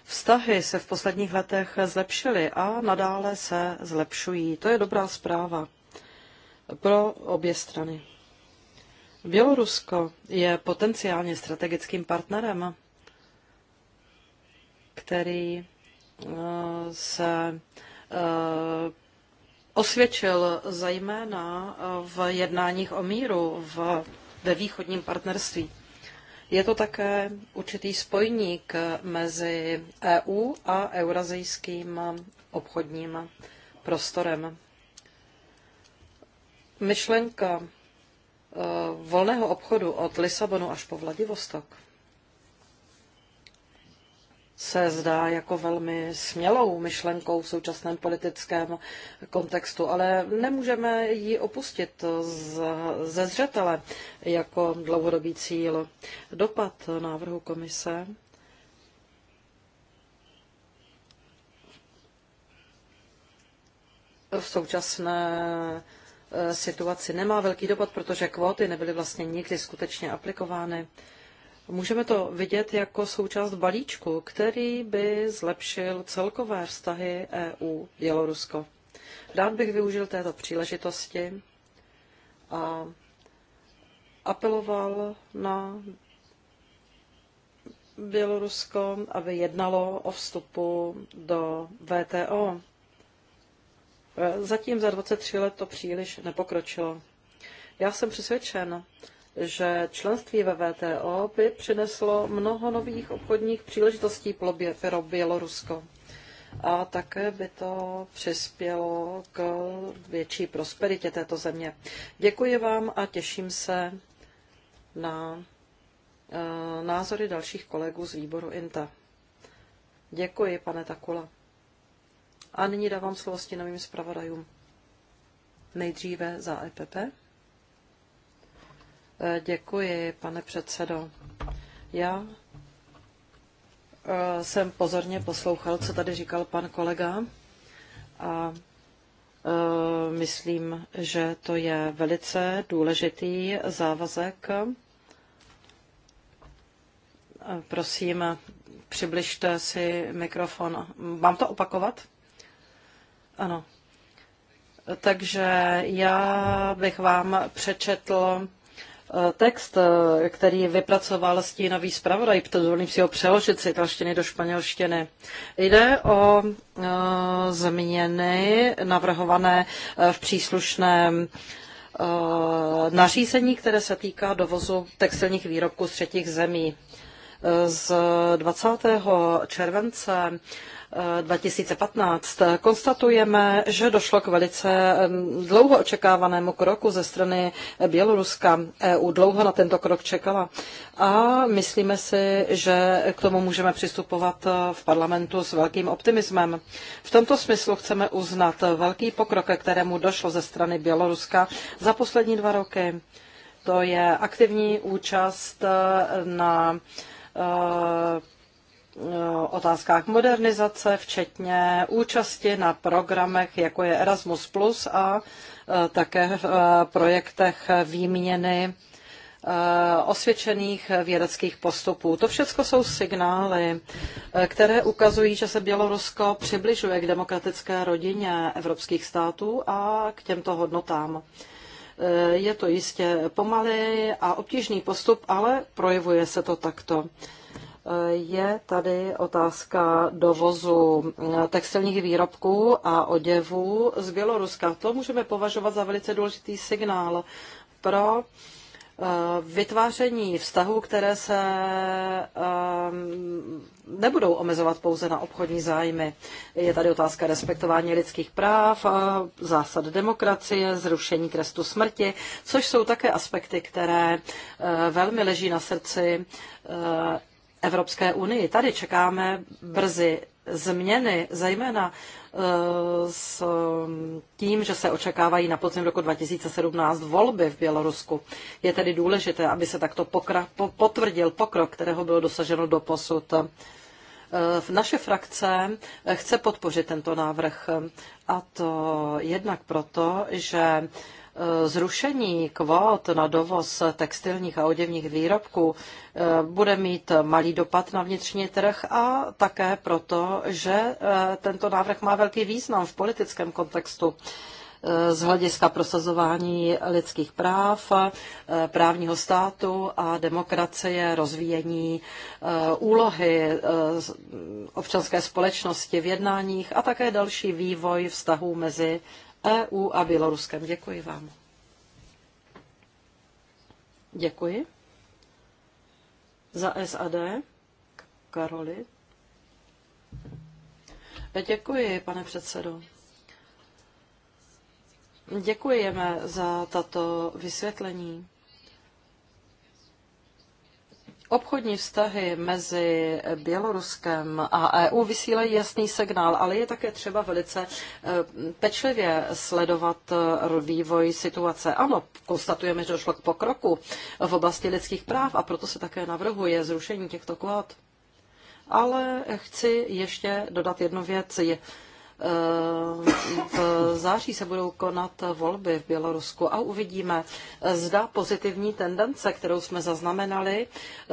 Vztahy se v posledních letech zlepšily a nadále se zlepšují. To je dobrá zpráva pro obě strany. Bělorusko je potenciálně strategickým partnerem, který eh, se eh, osvědčil zejména v jednáních o míru v, ve východním partnerství. Je to také určitý spojník mezi EU a eurazijským obchodním prostorem. Myšlenka Eh, volného obchodu od Lisabonu až po Vladivostok se zdá jako velmi smělou myšlenkou v současném politickém kontextu, ale nemůžeme ji opustit z, ze zřetele jako dlouhodobý cíl. Dopad návrhu komise v současné Eh, situaci nemá velký dopad, protože kvóty nebyly vlastně nikdy skutečně aplikovány. Můžeme to vidět jako součást balíčku, který by zlepšil celkové vztahy EU-Bělorusko. Rád bych využil této příležitosti a apeloval na Bělorusko, aby jednalo o vstupu do VTO. E, zatím za 23 let to příliš nepokročilo. Já jsem přesvědčen, že členství ve VTO by přineslo mnoho nových obchodních příležitostí pro Bělorusko. A také by to přispělo k větší prosperitě této země. Děkuji vám a těším se na e, názory dalších kolegů z výboru INTA. Děkuji, pane Takula. A nyní dávám slovo stěnovým zpravodajům. Nejdříve za EPP. E, děkuji, pane předsedo. Já e, jsem pozorně poslouchal, co tady říkal pan kolega a e, myslím, že to je velice důležitý závazek. Prosím, přibližte si mikrofon. Mám to opakovat? Ano. Takže já bych vám přečetl eh, text, eh, který vypracoval stínový zpravodaj, dovolím si ho přeložit z italštiny do španělštiny. Jde o eh, změny navrhované v příslušném nařízení, které se týká dovozu textilních výrobků z třetích zemí. Z 20. července 2015 konstatujeme, že došlo k velice dlouho očekávanému kroku ze strany Běloruska. EU dlouho na tento krok čekala a myslíme si, že k tomu můžeme přistupovat e, v parlamentu s velkým optimismem. V tomto smyslu chceme uznat velký pokrok, kterému došlo ze strany Běloruska za poslední dva roky. To je aktivní účast e, na e, Eh, otázkách modernizace, včetně účasti na programech, jako je Erasmus Plus a eh, také v eh, projektech výměny osvědčených vědeckých postupů. To všechno jsou signály, které ukazují, že se Bělorusko přibližuje k demokratické rodině evropských států a k těmto hodnotám. Je to jistě pomalý a obtížný postup, ale projevuje se to takto je tady otázka dovozu eh, textilních výrobků a oděvů z Běloruska. To můžeme považovat za velice důležitý signál pro eh, vytváření vztahů, které se ehm, nebudou omezovat pouze na obchodní zájmy. Je tady otázka respektování lidských práv, eh, zásad demokracie, zrušení trestu smrti, což jsou také aspekty, které velmi leží na srdci Evropské unii. Tady čekáme brzy změny, zejména eh, s mm, tím, že se očekávají na podzim roku 2017 volby v Bělorusku. Je tedy důležité, aby se takto pokra- potvrdil pokrok, kterého bylo dosaženo do posud. Eh, naše frakce chce podpořit tento návrh eh, a to jednak proto, že zrušení kvót na dovoz textilních a oděvních výrobků eh, bude mít malý dopad na vnitřní trh a také proto, že eh, tento návrh má velký význam v politickém kontextu eh, z hlediska prosazování lidských práv, právního státu a demokracie, rozvíjení úlohy občanské společnosti v jednáních a také další vývoj vztahů mezi EU a Běloruskem. Děkuji vám. Děkuji. Za SAD Karoli. Děkuji, pane předsedo. Děkujeme za tato vysvětlení. Obchodní vztahy mezi Běloruskem a EU vysílají jasný signál, ale je také třeba velice eh, pečlivě sledovat eh, vývoj situace. Ano, konstatujeme, že došlo k pokroku v oblasti lidských práv a proto se také navrhuje zrušení těchto kvót. Ale chci ještě dodat jednu věc. Je, Eh, v září se budou konat volby v Bělorusku a uvidíme, zda pozitivní tendence, kterou jsme zaznamenali,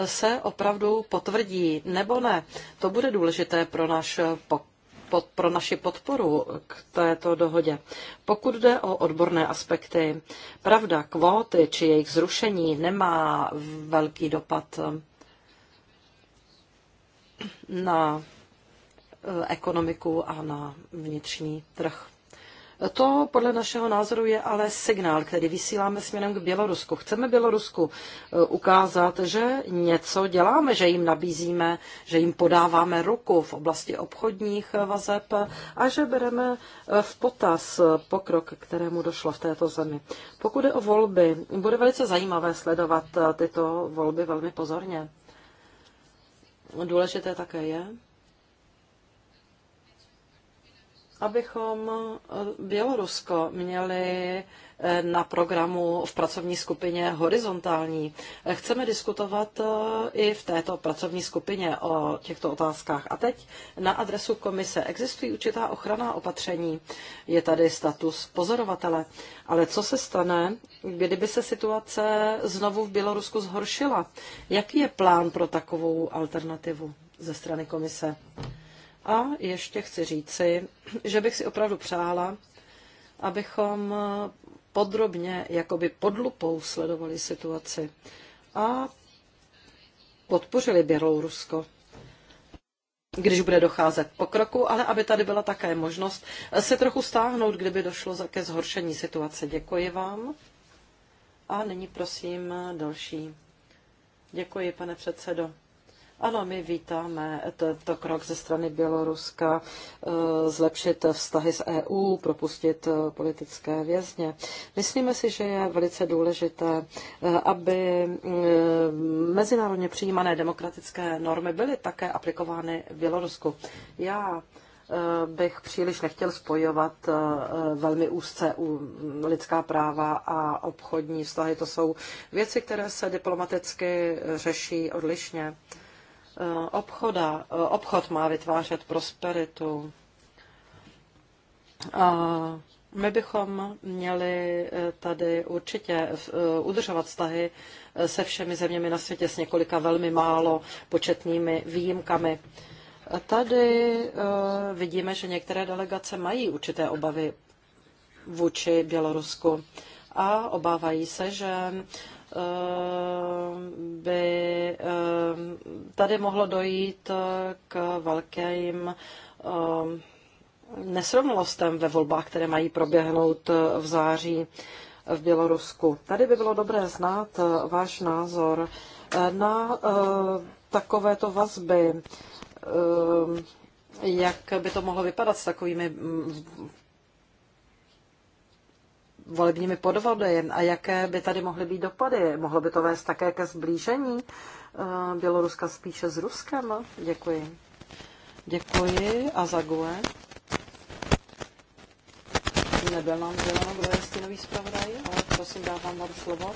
se opravdu potvrdí nebo ne. To bude důležité pro náš pokus pod, pro naši podporu k této dohodě. Pokud jde o odborné aspekty, pravda, kvóty či jejich zrušení nemá velký dopad na Eh, ekonomiku a na vnitřní trh. To podle našeho názoru je ale signál, který vysíláme směrem k Bělorusku. Chceme Bělorusku eh, ukázat, že něco děláme, že jim nabízíme, že jim podáváme ruku v oblasti obchodních eh, vazeb a že bereme v potaz pokrok, kterému došlo v této zemi. Pokud je o volby, bude velice zajímavé sledovat tyto volby velmi pozorně. Důležité také je, abychom eh, Bělorusko měli eh, na programu v pracovní skupině horizontální. Eh, chceme diskutovat i v této pracovní skupině o těchto otázkách. A teď na adresu komise. Existují určitá ochranná opatření, je tady status pozorovatele. Ale co se stane, kdyby se situace znovu v Bělorusku zhoršila? Jaký je plán pro takovou alternativu ze strany komise? A ještě chci říci, že bych si opravdu přála, abychom podrobně, jakoby pod lupou sledovali situaci a podpořili Bělorusko když bude docházet pokroku, ale aby tady byla také možnost se trochu stáhnout, kdyby došlo ke zhoršení situace. Děkuji vám. A nyní prosím další. Děkuji, pane předsedo. Ano, my vítáme tento krok ze strany Běloruska eh, zlepšit vztahy s EU, propustit eh, politické vězně. Myslíme si, že je velice důležité, eh, aby mezinárodně přijímané demokratické normy byly také aplikovány v Bělorusku. Já bych příliš nechtěl spojovat velmi úzce mm, lidská práva a obchodní vztahy. To jsou věci, které se diplomaticky řeší odlišně. Eh, obchoda, eh, obchod má vytvářet prosperitu. A my bychom měli eh, tady určitě udržovat vztahy se všemi zeměmi na světě s několika velmi málo početnými výjimkami. Tady vidíme, že některé delegace mají určité obavy vůči Bělorusku a obávají se, že Ehm, by ehm, tady mohlo dojít eh, k velkým ehm, nesrovnalostem ve volbách, které mají proběhnout eh, v září v Bělorusku. Tady by bylo dobré znát eh, váš názor na takovéto vazby jak by to mohlo vypadat s takovými mm, volebními podvody a jaké by tady mohly být dopady? Mohlo by to vést také ke zblížení eh, Běloruska spíše s Ruskem? Děkuji. Děkuji a za GUE. Nebyl nám sděleno, kdo je stínový zpravodaj, ale prosím, dávám vám slovo.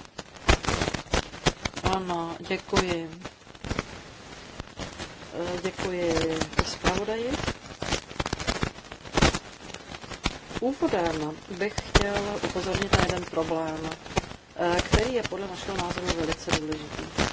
Ano, děkuji. Eh, děkuji zpravodaji. Úvodem bych chtěl upozornit na jeden problém, eh, který je podle našeho názoru velice důležitý.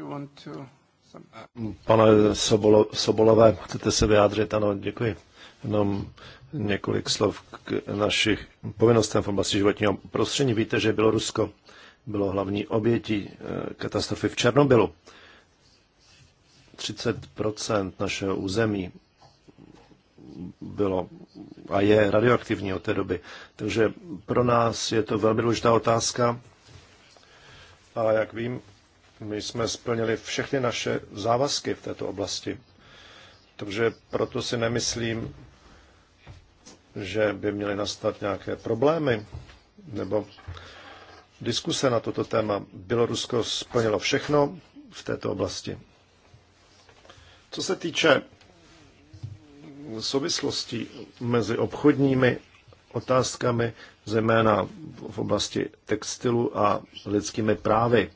Uh, Pane Sobolo, Sobolové, chcete se vyjádřit? Ano, děkuji. Jenom několik slov k našich povinnostem v oblasti životního prostředí. Víte, že Bělorusko bylo hlavní obětí eh, katastrofy v Černobylu. 30 našeho území bylo a je radioaktivní od té doby. Takže pro nás je to velmi důležitá otázka. A jak vím, my jsme splnili všechny naše závazky v této oblasti. Takže proto si nemyslím, že by měly nastat nějaké problémy nebo diskuse na toto téma. Bělorusko splnilo všechno v této oblasti. Co se týče souvislostí mezi obchodními otázkami, zejména v oblasti textilu a lidskými právy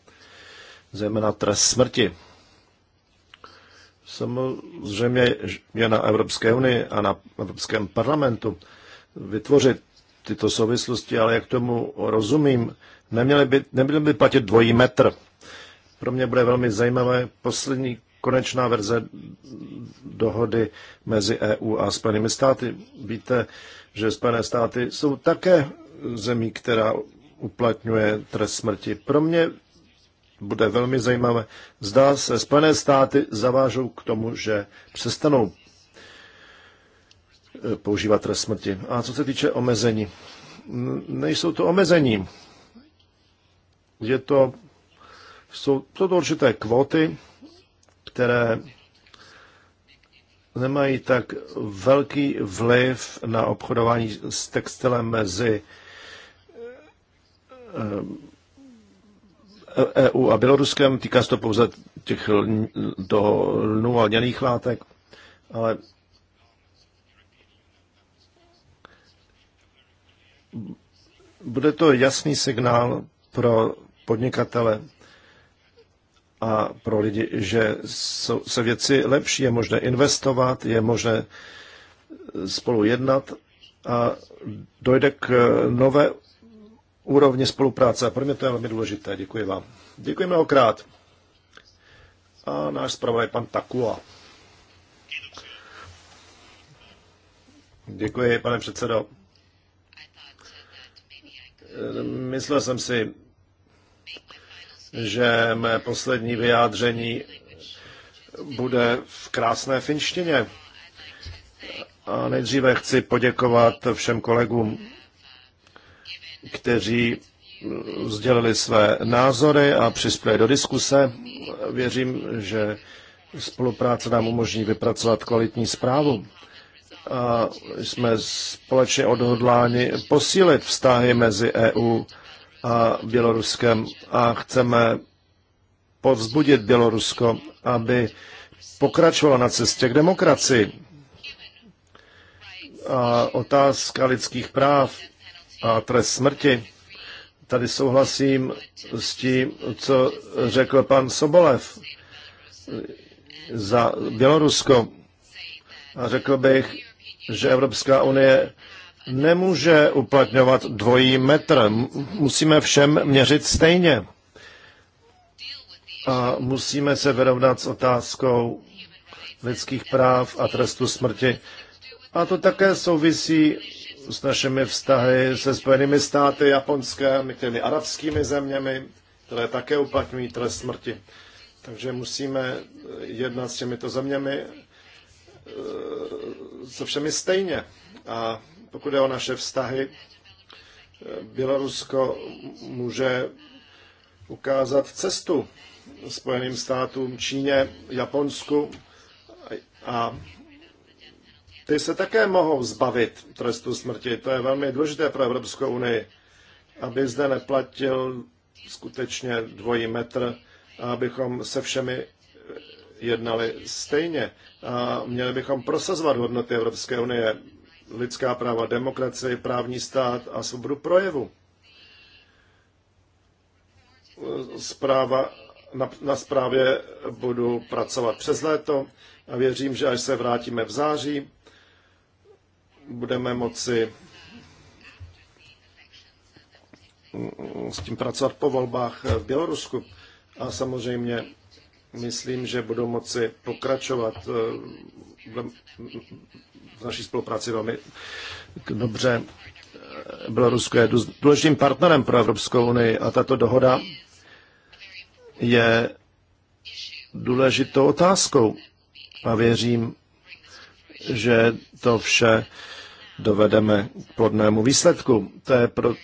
zejména trest smrti. Samozřejmě je na Evropské unii a na Evropském parlamentu vytvořit tyto souvislosti, ale jak tomu rozumím, neměly by, neměly by platit dvojí metr. Pro mě bude velmi zajímavé poslední konečná verze dohody mezi EU a Spojenými státy. Víte, že Spojené státy jsou také zemí, která uplatňuje trest smrti. Pro mě bude velmi zajímavé. Zdá se, Spojené státy zavážou k tomu, že přestanou e, používat trest smrti. A co se týče omezení, nejsou to omezení. Je to, jsou to určité kvóty, které nemají tak velký vliv na obchodování s textilem mezi e, EU e a Běloruskem, týká se to pouze těch toho lnu a lněných látek, ale bude to jasný signál pro podnikatele a pro lidi, že jsou, se věci lepší, je možné investovat, je možné spolu jednat a dojde k nové úrovně spolupráce. Pro mě to je velmi důležité. Děkuji vám. Děkuji mnohokrát. A náš zpravodaj pan Takula. Děkuji, pane předsedo. Myslel jsem si, že mé poslední vyjádření bude v krásné finštině. A nejdříve chci poděkovat všem kolegům kteří sdělili své názory a přispěli do diskuse. Věřím, že spolupráce nám umožní vypracovat kvalitní zprávu. A jsme společně odhodláni posílit vztahy mezi EU a Běloruskem a chceme povzbudit Bělorusko, aby pokračovalo na cestě k demokracii. A otázka lidských práv a trest smrti. Tady souhlasím s tím, co řekl pan Sobolev za Bělorusko. A řekl bych, že Evropská unie nemůže uplatňovat dvojí metr. Musíme všem měřit stejně. A musíme se vyrovnat s otázkou lidských práv a trestu smrti. A to také souvisí s našimi vztahy se Spojenými státy, Japonskem, těmi arabskými zeměmi, které také uplatňují trest smrti. Takže musíme jednat s těmito zeměmi eh, se všemi stejně. A pokud je o naše vztahy, eh, Bělorusko může ukázat cestu Spojeným státům, Číně, Japonsku a ty se také mohou zbavit trestu smrti. To je velmi důležité pro Evropskou unii, aby zde neplatil skutečně dvojí metr a abychom se všemi eh, jednali stejně. A měli bychom prosazovat hodnoty Evropské unie, lidská práva, demokracie, právní stát a svobodu projevu. Zpráva, na, na zprávě budu pracovat přes léto a věřím, že až se vrátíme v září, budeme moci s tím pracovat po volbách v Bělorusku. A samozřejmě myslím, že budou moci pokračovat eh, v naší spolupráci velmi dobře. Eh, Bělorusko je důležitým partnerem pro Evropskou unii a tato dohoda je důležitou otázkou. A věřím, že to vše dovedeme k plodnému výsledku. To je pro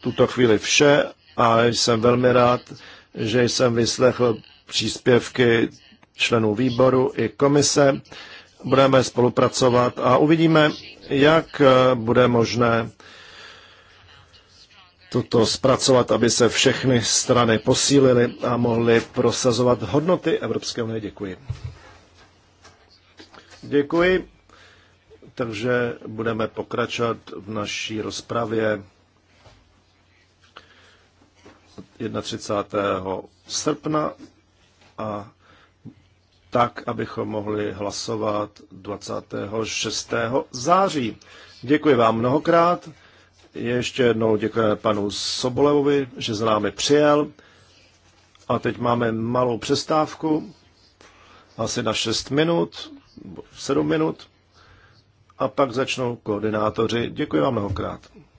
tuto chvíli vše a jsem velmi rád, že jsem vyslechl příspěvky členů výboru i komise. Budeme spolupracovat a uvidíme, jak eh, bude možné toto zpracovat, aby se všechny strany posílily a mohly prosazovat hodnoty Evropské unie. Děkuji. Děkuji. Takže budeme pokračovat v naší rozpravě 31. srpna a tak, abychom mohli hlasovat 26. září. Děkuji vám mnohokrát. Ještě jednou děkujeme panu Sobolevovi, že za námi přijel. A teď máme malou přestávku, asi na 6 minut, 7 minut a pak začnou koordinátoři. Děkuji vám mnohokrát.